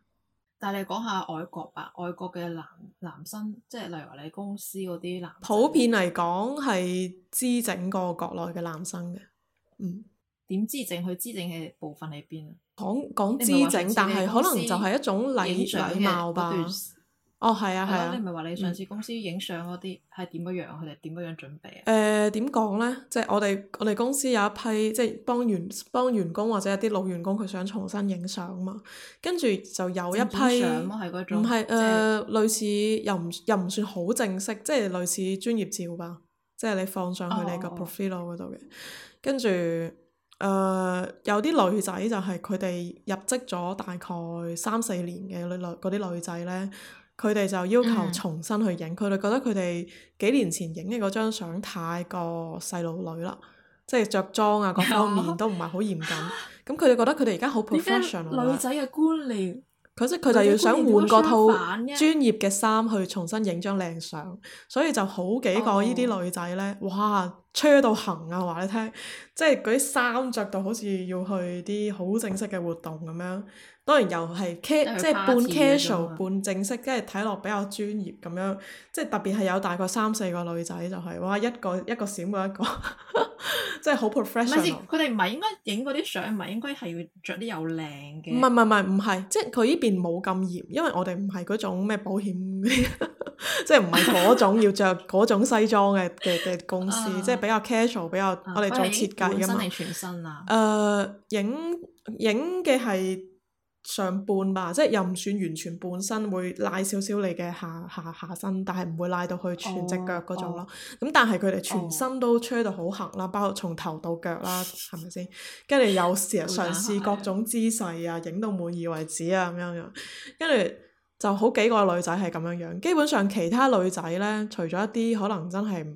但係你講下外國吧，外國嘅男男生，即係例如你公司嗰啲男生，普遍嚟講係姿整過國內嘅男生嘅。嗯。點姿整？佢姿整嘅部分喺邊啊？講講姿整，說說但係可能就係一種禮禮貌吧。哦，係啊，係啊！啊你唔係話你上次公司影相嗰啲係點樣樣？佢哋點樣樣準備？誒點講呢？即係我哋我哋公司有一批即係幫員幫員工或者一啲老員工，佢想重新影相嘛。跟住就有一批唔係誒，類似又唔又唔算好正式，即係類似專業照吧。即係你放上去你個 profile 嗰度嘅。跟住誒有啲女仔就係佢哋入職咗大概三四年嘅女嗰啲女仔咧，佢哋就要求重新去影，佢哋覺得佢哋幾年前影嘅嗰張相太過細路女啦，即係着裝啊各方面都唔係好嚴謹。咁佢哋覺得佢哋而家好 professional。女仔嘅觀念，佢即係佢就要想換嗰套專業嘅衫去重新影張靚相，所以就好幾個呢啲女仔呢，哇，吹到行啊！話你聽，即係嗰啲衫着到好似要去啲好正式嘅活動咁樣。當然又係即係半 casual 半正式，跟住睇落比較專業咁樣，即係特別係有大概三四個女仔就係、話，哇，一個一個閃過一個， 即係好 professional。佢哋唔係應該影嗰啲相，唔係應該係要着啲又靚嘅。唔係唔係唔係，唔係即係佢呢邊冇咁嚴，因為我哋唔係嗰種咩保險， 即係唔係嗰種 要着嗰種西裝嘅嘅嘅公司，uh, 即係比較 casual，比較我哋做設計嘅嘛。Uh, 身全身啊！誒、uh，影影嘅係。上半吧，即係又唔算完全半身，會拉少少你嘅下下下身，但係唔會拉到去全隻腳嗰種咯。咁、oh, oh. 但係佢哋全身都吹到好行啦，包括從頭到腳啦，係咪先？跟住有時嘗試各種姿勢啊，影 到滿意為止啊咁樣樣。跟住就好幾個女仔係咁樣樣，基本上其他女仔呢，除咗一啲可能真係。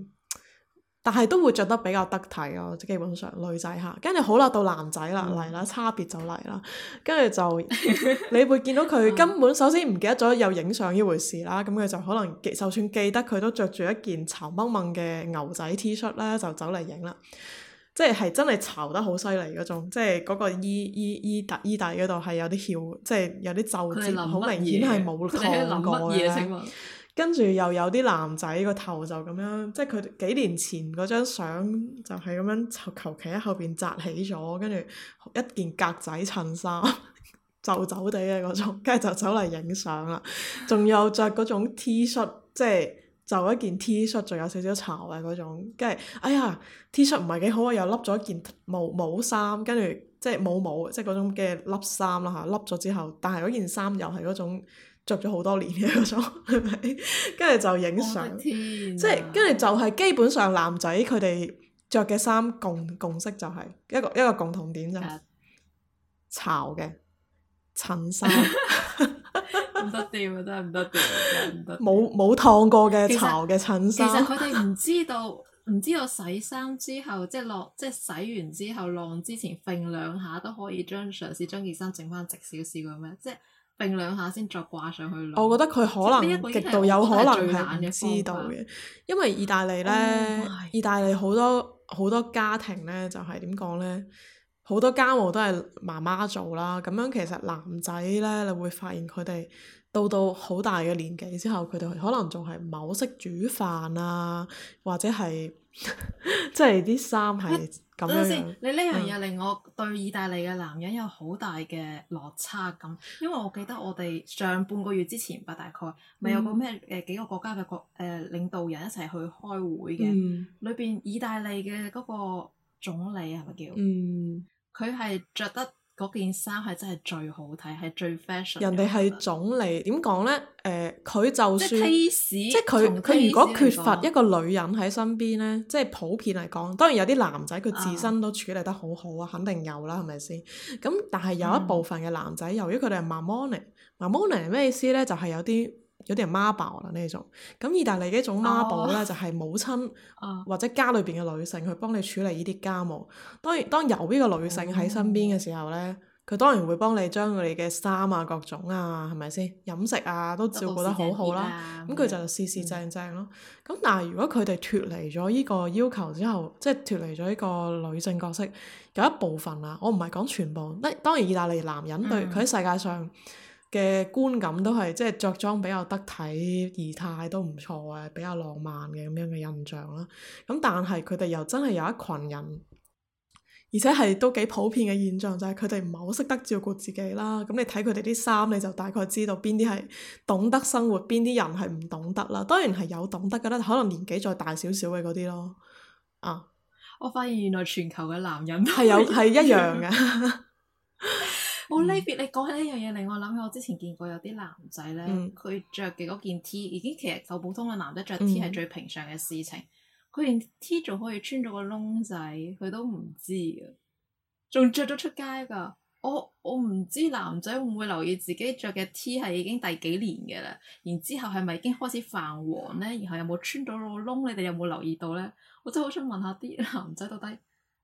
但係都會着得比較得體咯，基本上女仔嚇，跟住好啦到男仔啦嚟啦，差別就嚟啦，跟住就 你會見到佢根本首先唔記得咗有影相呢回事啦，咁佢 就可能就算記得佢都着住一件巢掹掹嘅牛仔 T 恤咧，shirt, 就走嚟影啦，即係真係巢得好犀利嗰種，即係嗰個衣衣衣搭衣底嗰度係有啲翹，即係有啲皺褶，好明顯係冇熨過嘅。跟住又有啲男仔個頭就咁樣，即係佢幾年前嗰張相就係咁樣，就求其喺後邊紮起咗，跟住一件格仔襯衫，皺 皺地嘅嗰種，跟住就走嚟影相啦。仲有着嗰種 T 恤，即係就一件 T 恤，仲有少少潮嘅嗰種，跟住哎呀 T 恤唔係幾好啊，又笠咗一件毛毛衫，跟住即係冇毛，即係嗰種嘅笠衫啦嚇，笠咗之後，但係嗰件衫又係嗰種。着咗好多年嘅，嗰種，係咪？跟住、啊、就影相，即係跟住就係基本上男仔佢哋着嘅衫共共識就係、是、一個一個共同點就係潮嘅襯衫，唔得掂啊！真係唔得掂，真係唔得。冇冇燙過嘅潮嘅襯衫。其實佢哋唔知道，唔知道洗衫之後，即係晾，即、就、係、是、洗完之後晾之前揈兩下都可以將嘗試將件衫整翻直少少咁樣，即係。並兩下先再掛上去。我覺得佢可能極度有可能係唔知道嘅，因為意大利咧，oh、my 意大利好多好多家庭咧，就係點講咧？好多家務都係媽媽做啦。咁樣其實男仔咧，你會發現佢哋到到好大嘅年紀之後，佢哋可能仲係唔係好識煮飯啊，或者係。即係啲衫係咁樣等等。你呢樣嘢令我對意大利嘅男人有好大嘅落差感，因為我記得我哋上半個月之前吧，大概咪有個咩誒，幾個國家嘅國誒領導人一齊去開會嘅，嗯，裏邊意大利嘅嗰個總理係咪叫？嗯，佢係着得。嗰件衫係真係最好睇，係最 fashion。人哋係總理，點講呢？誒、呃，佢就算即係，佢佢如果缺乏一個女人喺身邊呢，即係普遍嚟講，當然有啲男仔佢自身都處理得好好啊，啊肯定有啦，係咪先？咁但係有一部分嘅男仔，嗯、由於佢哋係 mammone，mammone 係咩意思呢？就係、是、有啲。有啲人媽寶啦呢種，咁意大利嘅一種媽寶呢，oh. Oh. 就係母親或者家裏邊嘅女性去幫你處理呢啲家務。當然，當有呢個女性喺身邊嘅時候呢，佢、mm hmm. 當然會幫你將佢哋嘅衫啊各種啊，係咪先？飲食啊都照顧得好好、啊、啦。咁佢、啊、就四四正正咯。咁、mm hmm. 但係如果佢哋脱離咗呢個要求之後，即係脱離咗呢個女性角色，有一部分啦，我唔係講全部。當然，意大利男人對佢喺世界上。Mm hmm. 嘅觀感都係即係着裝比較得體，儀態都唔錯嘅，比較浪漫嘅咁樣嘅印象啦。咁但係佢哋又真係有一群人，而且係都幾普遍嘅現象，就係佢哋唔係好識得照顧自己啦。咁你睇佢哋啲衫，你就大概知道邊啲係懂得生活，邊啲人係唔懂得啦。當然係有懂得㗎啦，可能年紀再大少少嘅嗰啲咯。啊！我發現原來全球嘅男人係有係一樣㗎。 好呢別！哦嗯、你講起呢樣嘢，令我諗起我之前見過有啲男仔咧，佢着嘅嗰件 T 已經其實好普通嘅。男仔着 T 係最平常嘅事情，佢、嗯、連 T 仲可以穿咗個窿仔，佢都唔知啊！仲着咗出街㗎，我我唔知男仔會唔會留意自己着嘅 T 係已經第幾年嘅啦？然之後係咪已經開始泛黃咧？然後有冇穿咗個窿？你哋有冇留意到咧？我真係好想問下啲男仔到底。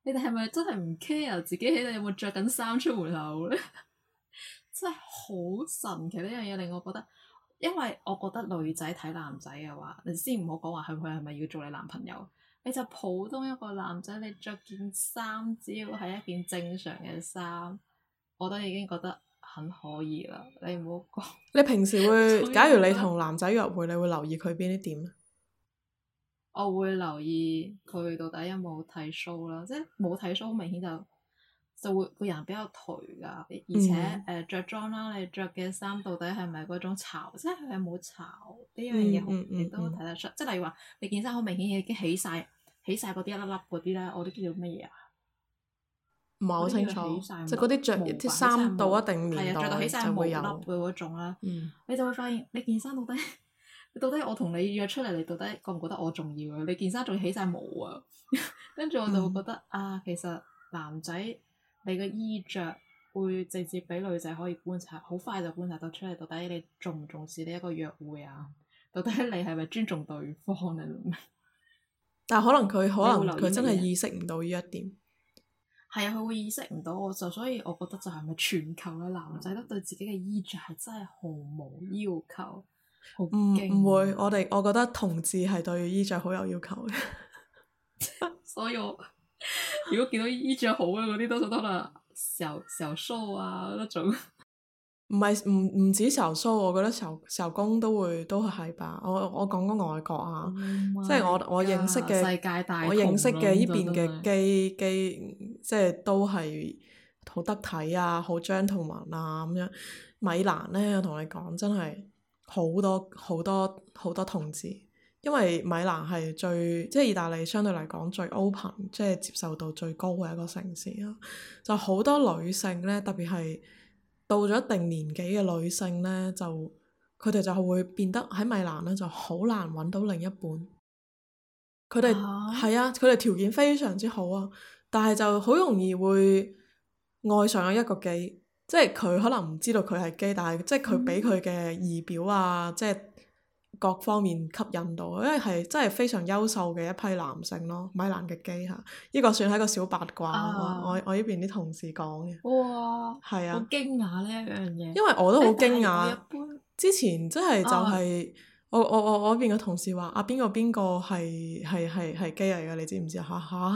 你哋係咪真係唔 care 自己喺度有冇着緊衫出門口咧？ 真係好神奇呢樣嘢，令我覺得，因為我覺得女仔睇男仔嘅話，你先唔好講話係佢係咪要做你男朋友，你就普通一個男仔，你着件衫，只要係一件正常嘅衫，我都已經覺得很可以啦。你唔好講。你平時會， 假如你同男仔約會，你會留意佢邊啲點？我會留意佢到底有冇剃須啦，即係冇剃鬚，好明顯就就會個人比較頹噶，而且誒着裝啦，你着嘅衫到底係咪嗰種潮？即係佢有冇潮呢樣嘢好，你都睇得出。即係例如話，你件衫好明顯已經起晒，起晒嗰啲一粒粒嗰啲咧，我都叫做乜嘢啊？唔係好清楚，即係嗰啲着啲衫度一定面度就會有粒嗰種啦。Mm hmm. 你就會發現你件衫到底。到底我同你約出嚟，你到底覺唔覺得我重要啊？你件衫仲起晒毛啊？跟 住我就會覺得、嗯、啊，其實男仔你嘅衣着會直接俾女仔可以觀察，好快就觀察到出嚟。到底你重唔重視呢一個約會啊？到底你係咪尊重對方咧？你但係可能佢可能佢真係意識唔到呢一點。係 啊，佢會意識唔到我，就所以我覺得就係咪全球嘅男仔都對自己嘅衣着係真係毫無要求。唔唔、啊、會，我哋我覺得同志係對衣着好有要求嘅， 所以我如果見到衣着好嘅嗰啲，多數都係小小叔啊嗰種。唔係唔唔止小叔，我覺得小小公都會都係吧。我我講個外國啊，即係、oh、my 我我認識嘅，世界大，我認識嘅呢邊嘅機機，即係都係好得體啊，好 gentleman 啊咁樣。米蘭咧，我同你講真係。好多好多好多同志，因為米蘭係最即係意大利相對嚟講最 open，即係接受度最高嘅一個城市咯。就好多女性咧，特別係到咗一定年紀嘅女性咧，就佢哋就會變得喺米蘭咧就好難揾到另一半。佢哋係啊，佢哋條件非常之好啊，但係就好容易會愛上咗一個幾。即係佢可能唔知道佢係基，但係即係佢俾佢嘅儀表啊，即係各方面吸引到，因為係真係非常優秀嘅一批男性咯。米蘭嘅基嚇，呢個算係個小八卦，我我依邊啲同事講嘅。哇！係啊！好驚訝呢一樣嘢。因為我都好驚訝。之前即係就係我我我我邊個同事話啊，邊個邊個係係係係基藝啊？你知唔知啊？哈。」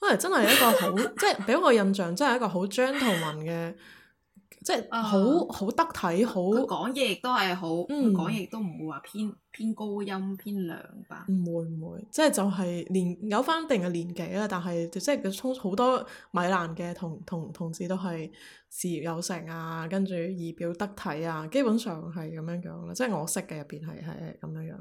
誒、哎，真係一個好， 即係畀我印象真係一個好 gentleman 嘅， 即係好好得體，好講嘢亦都係好，講嘢亦都唔會話偏偏高音偏涼吧。唔會唔會，即係就係年有返一定嘅年紀啦，但係即係佢充好多米蘭嘅同同同志都係事業有成啊，跟住儀表得體啊，基本上係咁樣樣啦，即係我識嘅入邊係係係咁樣樣。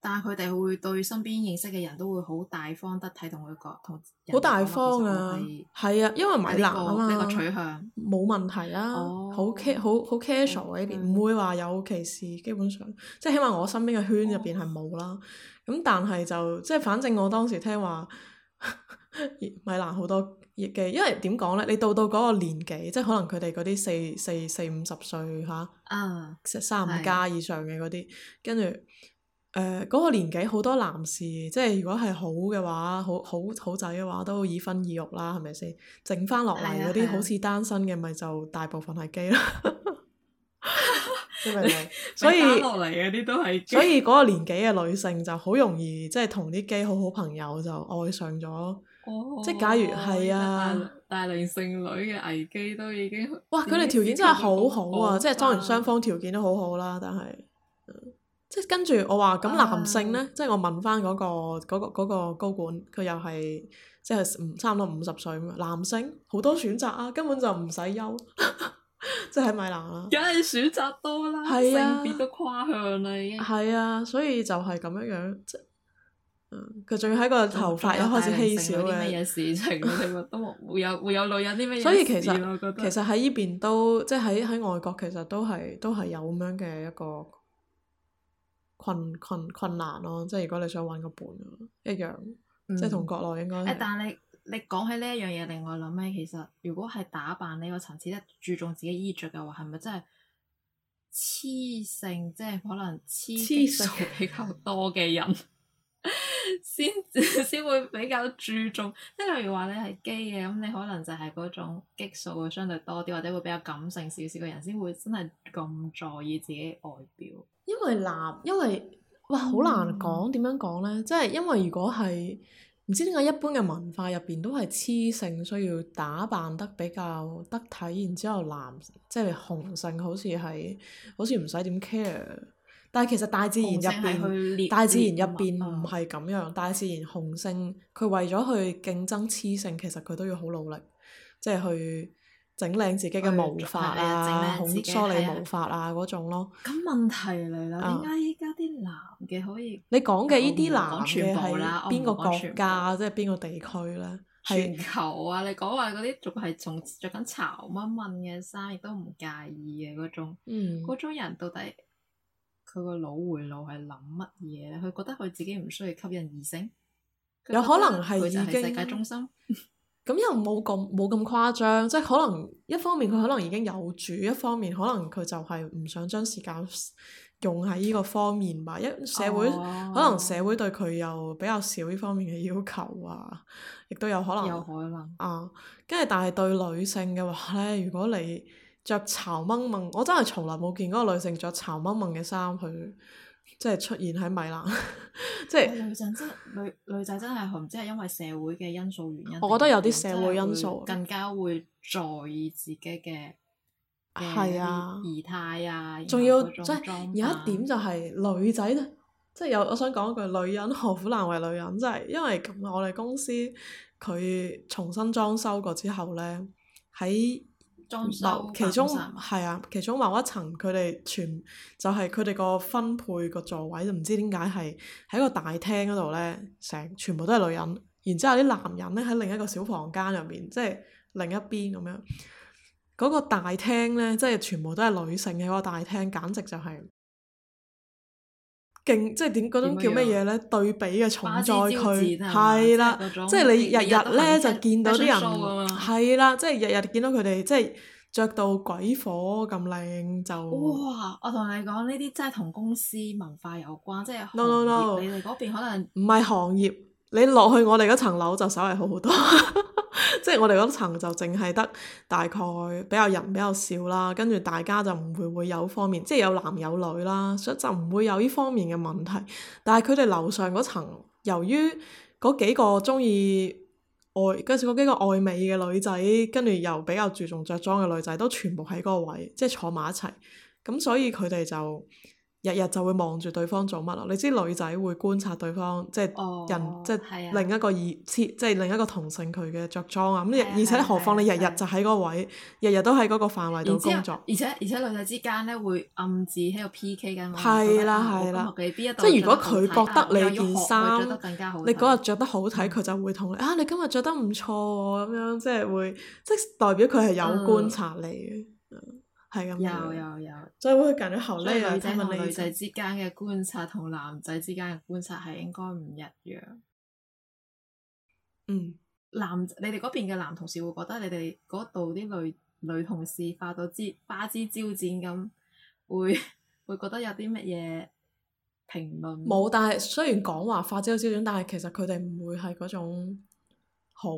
但係佢哋會對身邊認識嘅人都會好大方得體同佢講，同好大方啊，係啊，因為米蘭呢、這個取向冇問題啊。Oh, 好 care 好好 casual 呢邊，唔會話有歧視，基本上即係起碼我身邊嘅圈入邊係冇啦。咁、oh. 但係就即係反正我當時聽話 米蘭好多嘅，因為點講咧？你到到嗰個年紀，即係可能佢哋嗰啲四四四,四五十歲吓，啊 uh, 三五加以上嘅嗰啲，跟住。誒，嗰、uh, 個年紀好多男士，即係如果係好嘅話，好好好仔嘅話，都已婚已育啦，係咪先？剩翻落嚟嗰啲好似單身嘅，咪就大部分係基咯。所以落嚟啲都係。所以嗰個年紀嘅女性就好容易，即係同啲基好好朋友就愛上咗。 即係假如係啊，大齡剩女嘅危機都已經。哇！佢哋條件真係好好啊，即係當然雙方條件都好好、啊、啦，但係。即跟住我話咁男性咧，啊、即我問翻嗰、嗰個嗰、嗰個嗰、嗰個高管，佢又係即係差唔多五十歲咁，男性好多選擇啊，根本就唔使憂， 即喺米蘭啦、啊。梗係選擇多啦，啊、性別都跨向啦已經。係啊，所以就係咁樣樣，即佢仲要喺個頭髮又開始稀少咧。所以其實其實喺呢邊都即喺喺外國其實都係都係有咁樣嘅一個困困困難咯，即係如果你想揾個伴，一樣、嗯、即係同國內應該。但係你你講起呢一樣嘢，令我諗起，其實如果係打扮呢個層次，即注重自己衣着嘅話，係咪真係雌性，即係可能雌性比較多嘅人先先 會比較注重。即係例如話你係基嘅，咁你可能就係嗰種激素會相對多啲，或者會比較感性少少嘅人，先會真係咁在意自己外表。因為男，因為哇，好難講點、嗯、樣講呢？即係因為如果係唔知點解一般嘅文化入邊都係雌性，所以要打扮得比較得體，然之後男即係雄性好似係好似唔使點 care，但係其實大自然入邊，大自然入邊唔係咁樣，嗯、大自然雄性佢為咗去競爭雌性，其實佢都要好努力，即係去。整靚自己嘅毛髮啊，好梳理毛髮啊嗰種咯。咁的問題嚟啦，點解依家啲男嘅可以？你講嘅依啲男全部係邊個國家，部即係邊個地區咧？全球啊！是你講話嗰啲仲係仲着緊潮乜問嘅衫，亦都唔介意嘅、啊、嗰種，嗰、嗯、種人到底佢個腦回路係諗乜嘢咧？佢覺得佢自己唔需要吸引異性，有可能係已經世界中心。咁又冇咁冇咁誇張，即可能一方面佢可能已經有主，一方面可能佢就係唔想將時間用喺呢個方面吧。因社會、哦、可能社會對佢又比較少呢方面嘅要求啊，亦都有可能，可能啊。跟住但係對女性嘅話呢，如果你着巢掹掹，我真係從來冇見過嗰個女性着巢掹掹嘅衫佢。即係出現喺米蘭， 即係、呃、女仔真係女女仔真係唔知係因為社會嘅因素原因。我覺得有啲社會因素會更加會在意自己嘅嘅儀態啊，仲要有、啊、即係有一點就係、是、女仔呢，即係有我想講一句女人何苦難為女人，即係因為咁我哋公司佢重新裝修過之後呢。喺。其中係啊，其中某一層佢哋全就係佢哋個分配個座位，就唔知點解係喺個大廳嗰度呢，成全部都係女人，然之後啲男人呢喺另一個小房間入邊，即係另一邊咁樣。嗰個大廳呢，即係全部都係女性嘅嗰個大廳，簡直就係～勁即係點嗰種叫咩嘢呢？對比嘅重災區係啦，即係你日日呢就見到啲人係啦，即係日日見到佢哋即係着到鬼火咁靚就哇！我同你講呢啲真係同公司文化有關，即係行業。No no no，你哋嗰邊可能唔係行業。你落去我哋嗰層樓就稍微好好多， 即係我哋嗰層就淨係得大概比較人比較少啦，跟住大家就唔會會有方面，即係有男有女啦，所以就唔會有呢方面嘅問題。但係佢哋樓上嗰層，由於嗰幾個鍾意愛，嗰幾個愛美嘅女仔，跟住又比較注重着裝嘅女仔，都全部喺嗰個位，即係坐埋一齊，咁所以佢哋就，日日就會望住對方做乜咯？你知女仔會觀察對方，即係人，即係另一個即係另一個同性佢嘅着裝啊。咁而而且何況你日日就喺嗰個位，日日都喺嗰個範圍度工作。而且而且女仔之間呢，會暗自喺度 PK 緊。係啦係啦，即係如果佢覺得你件衫，你嗰日着得好睇，佢就會同你啊，你今日着得唔錯喎咁樣，即係會即係代表佢係有觀察你嘅。係咁，有有有，所以會隔咗後，所以女仔同女仔之間嘅觀察，同男仔之間嘅觀察係應該唔一樣。嗯，男你哋嗰邊嘅男同事會覺得你哋嗰度啲女女同事化到枝花枝招展咁，會會覺得有啲乜嘢評論？冇、嗯，但係雖然講話花枝招展，但係其實佢哋唔會係嗰種。好，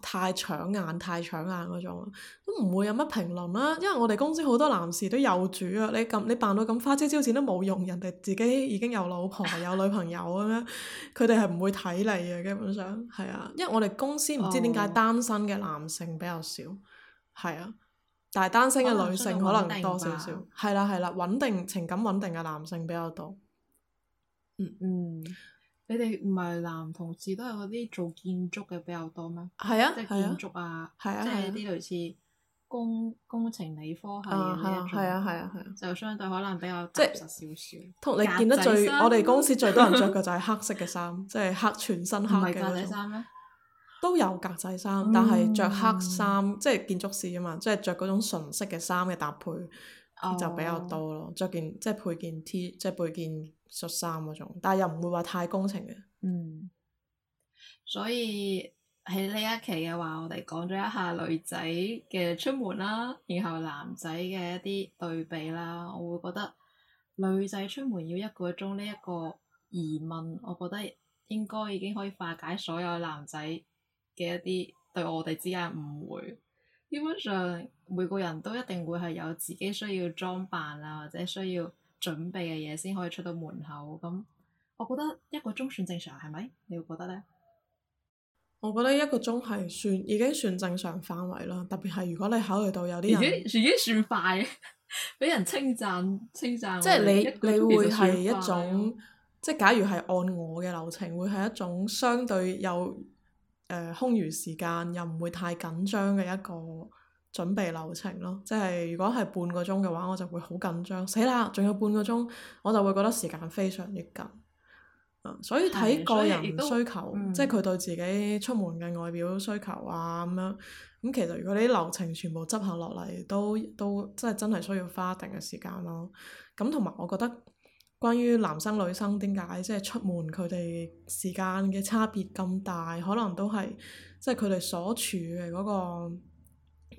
太搶眼，太搶眼嗰種，都唔會有乜評論啦。因為我哋公司好多男士都有主啊，你咁你扮到咁花枝招展都冇用，人哋自己已經有老婆有女朋友咁樣，佢哋係唔會睇你嘅。基本上係啊，因為我哋公司唔知點解單身嘅男性比較少，係、oh. 啊，但係單身嘅女性可能多，多少少，係啦係啦，穩、啊啊、定，情感穩定嘅男性比較多，嗯嗯、mm。Hmm. 你哋唔係男同事都係嗰啲做建築嘅比較多咩？係啊，即係建築啊，即係啲類似工工程理科係嘅啊，一啊，就相對可能比較即係實少少。同你見得最，我哋公司最多人着嘅就係黑色嘅衫，即係黑全身黑嘅嗰種。都有格仔衫，但係着黑衫，即係建築師啊嘛，即係着嗰種純色嘅衫嘅搭配就比較多咯。着件即係配件 T，即係配件。十三個鐘，但係又唔會話太工程嘅。嗯，所以喺呢一期嘅話，我哋講咗一下女仔嘅出門啦，然後男仔嘅一啲對比啦，我會覺得女仔出門要一個鐘呢一個疑問，我覺得應該已經可以化解所有男仔嘅一啲對我哋之間嘅誤會。基本上每個人都一定會係有自己需要裝扮啊，或者需要。準備嘅嘢先可以出到門口，咁我覺得一個鐘算正常，係咪？你會覺得呢？我覺得一個鐘係算已經算正常範圍啦，特別係如果你考慮到有啲人，已經已經算快，俾人稱讚稱讚。即係你你會係一種，即係假如係按我嘅流程，會係一種相對有誒、呃、空餘時間又唔會太緊張嘅一個。準備流程咯，即係如果係半個鐘嘅話，我就會好緊張，死啦！仲有半個鐘，我就會覺得時間非常之緊、嗯、所以睇個人需求，嗯、即係佢對自己出門嘅外表需求啊咁樣。咁其實如果你啲流程全部執行落嚟，都都即係真係需要花一定嘅時間咯、啊。咁同埋我覺得，關於男生女生點解即係出門佢哋時間嘅差別咁大，可能都係即係佢哋所處嘅嗰個。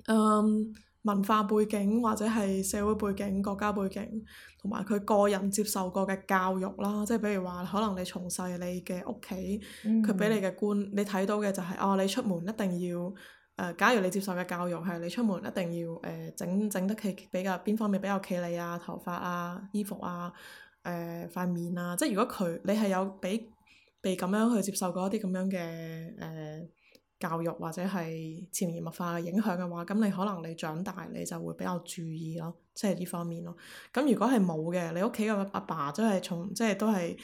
誒、um, 文化背景或者係社會背景、國家背景，同埋佢個人接受過嘅教育啦，即係比如話，可能你從細你嘅屋企佢俾你嘅觀，mm hmm. 你睇到嘅就係、是、哦，你出門一定要誒、呃，假如你接受嘅教育係你出門一定要誒，整、呃、整得其比較邊方面比較企理啊，頭髮啊，衣服啊，誒、呃、塊面啊，即係如果佢你係有俾俾咁樣去接受過一啲咁樣嘅誒。呃教育或者係潛移默化嘅影響嘅話，咁你可能你長大你就會比較注意咯，即係呢方面咯。咁如果係冇嘅，你屋企個阿爸都係從即係都係，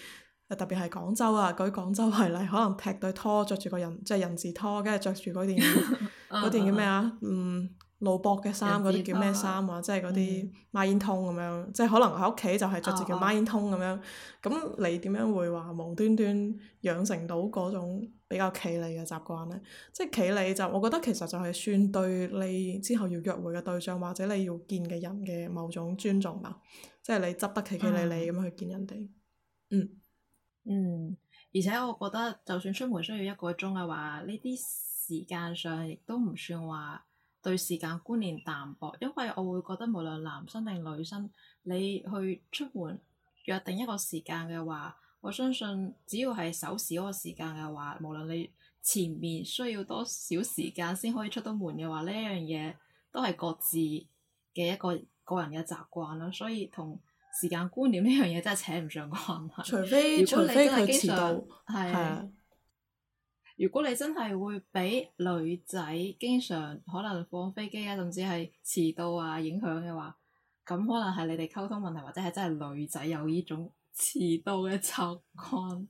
特別係廣州啊，舉廣州為例，可能踢對拖，着住個人即係人字拖，跟住着住嗰段嗰段叫咩啊？嗯。露膊嘅衫，嗰啲叫咩衫啊？嗯、即係嗰啲孖煙通咁樣，即係可能喺屋企就係著住條孖煙通咁樣。咁、哦哦、你點樣會話無端端養成到嗰種比較企理嘅習慣呢？即係企理，就我覺得其實就係算對你之後要約會嘅對象或者你要見嘅人嘅某種尊重吧。即係你執得企企理理咁去見人哋。嗯嗯，而且我覺得就算出門需要一個鐘嘅話，呢啲時間上亦都唔算話，對時間觀念淡薄，因為我會覺得無論男生定女生，你去出門約定一個時間嘅話，我相信只要係守時嗰個時間嘅話，無論你前面需要多少時間先可以出到門嘅話，呢樣嘢都係各自嘅一個個人嘅習慣啦，所以同時間觀念呢樣嘢真係扯唔上關係。除非如果 除非佢經常遲到係。如果你真係會畀女仔經常可能放飛機啊，甚至係遲到啊影響嘅話，咁可能係你哋溝通問題，或者係真係女仔有呢種遲到嘅習慣，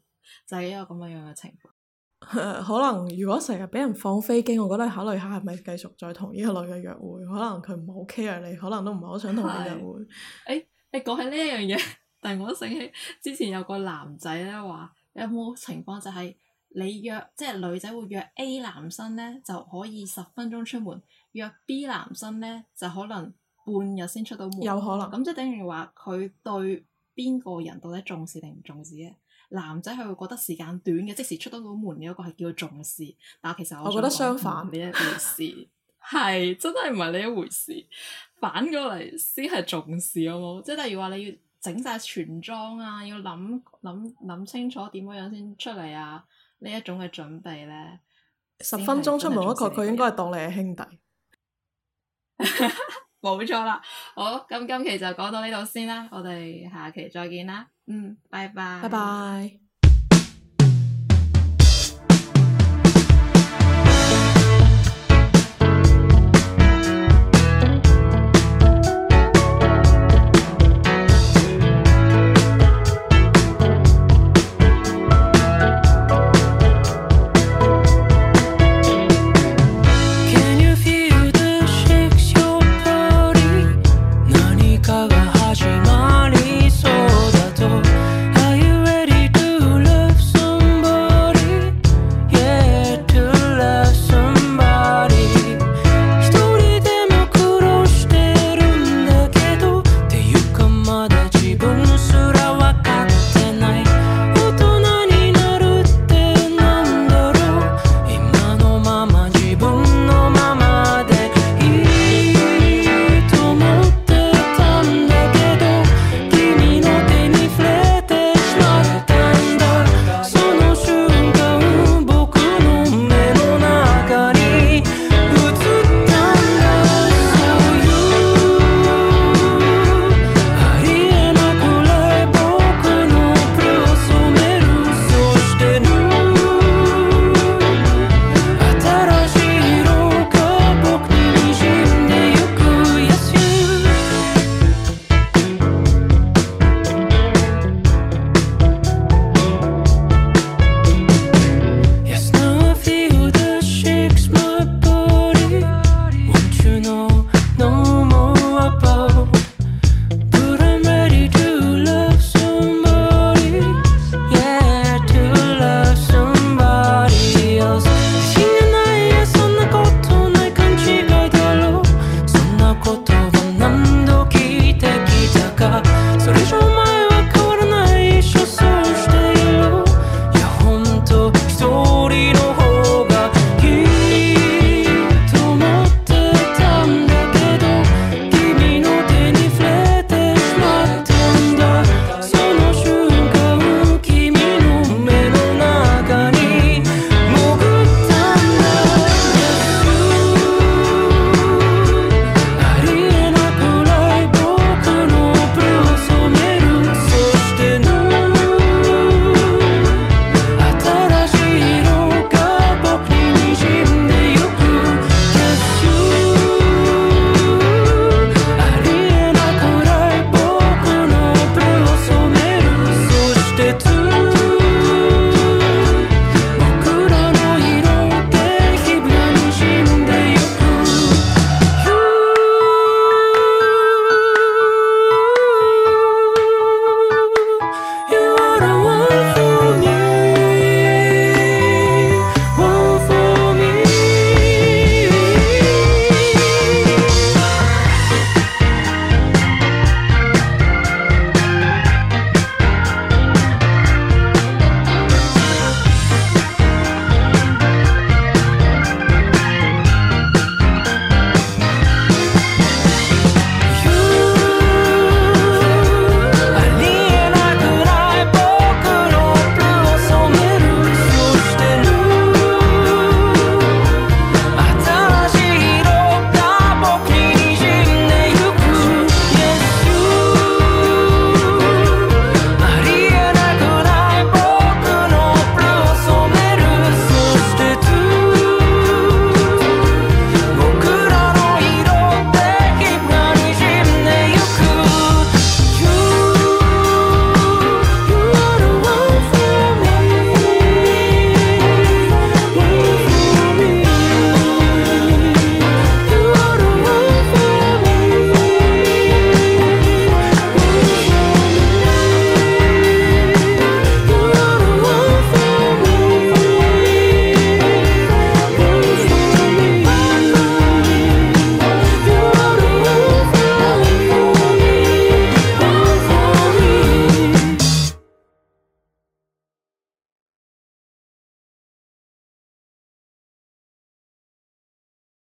就係、是、一個咁樣樣嘅情況。可能如果成日畀人放飛機，我覺得考慮下係咪繼續再同呢個女嘅約會？可能佢唔 OK 啊，你可能都唔係好想同佢約會。誒，你講起呢樣嘢，但係我都醒起之前有個男仔咧話，有冇情況就係。你約即係女仔會約 A 男生咧，就可以十分鐘出門；約 B 男生咧，就可能半日先出到門。有可能咁、嗯、即係等於話佢對邊個人到底重視定唔重視咧？男仔係會覺得時間短嘅，即時出得到門嘅一、這個係叫重視，但其實我，我覺得相反呢一回事，係 真係唔係呢一回事。反過嚟先係重視，有冇？即係例如話你要整晒全妝啊，要諗諗諗清楚點樣先出嚟啊？呢一種嘅準備呢，十分鐘出門嗰個，佢應該係當你係兄弟，冇錯啦。好，咁今，今期就講到呢度先啦，我哋下期再見啦，嗯，拜拜，拜拜。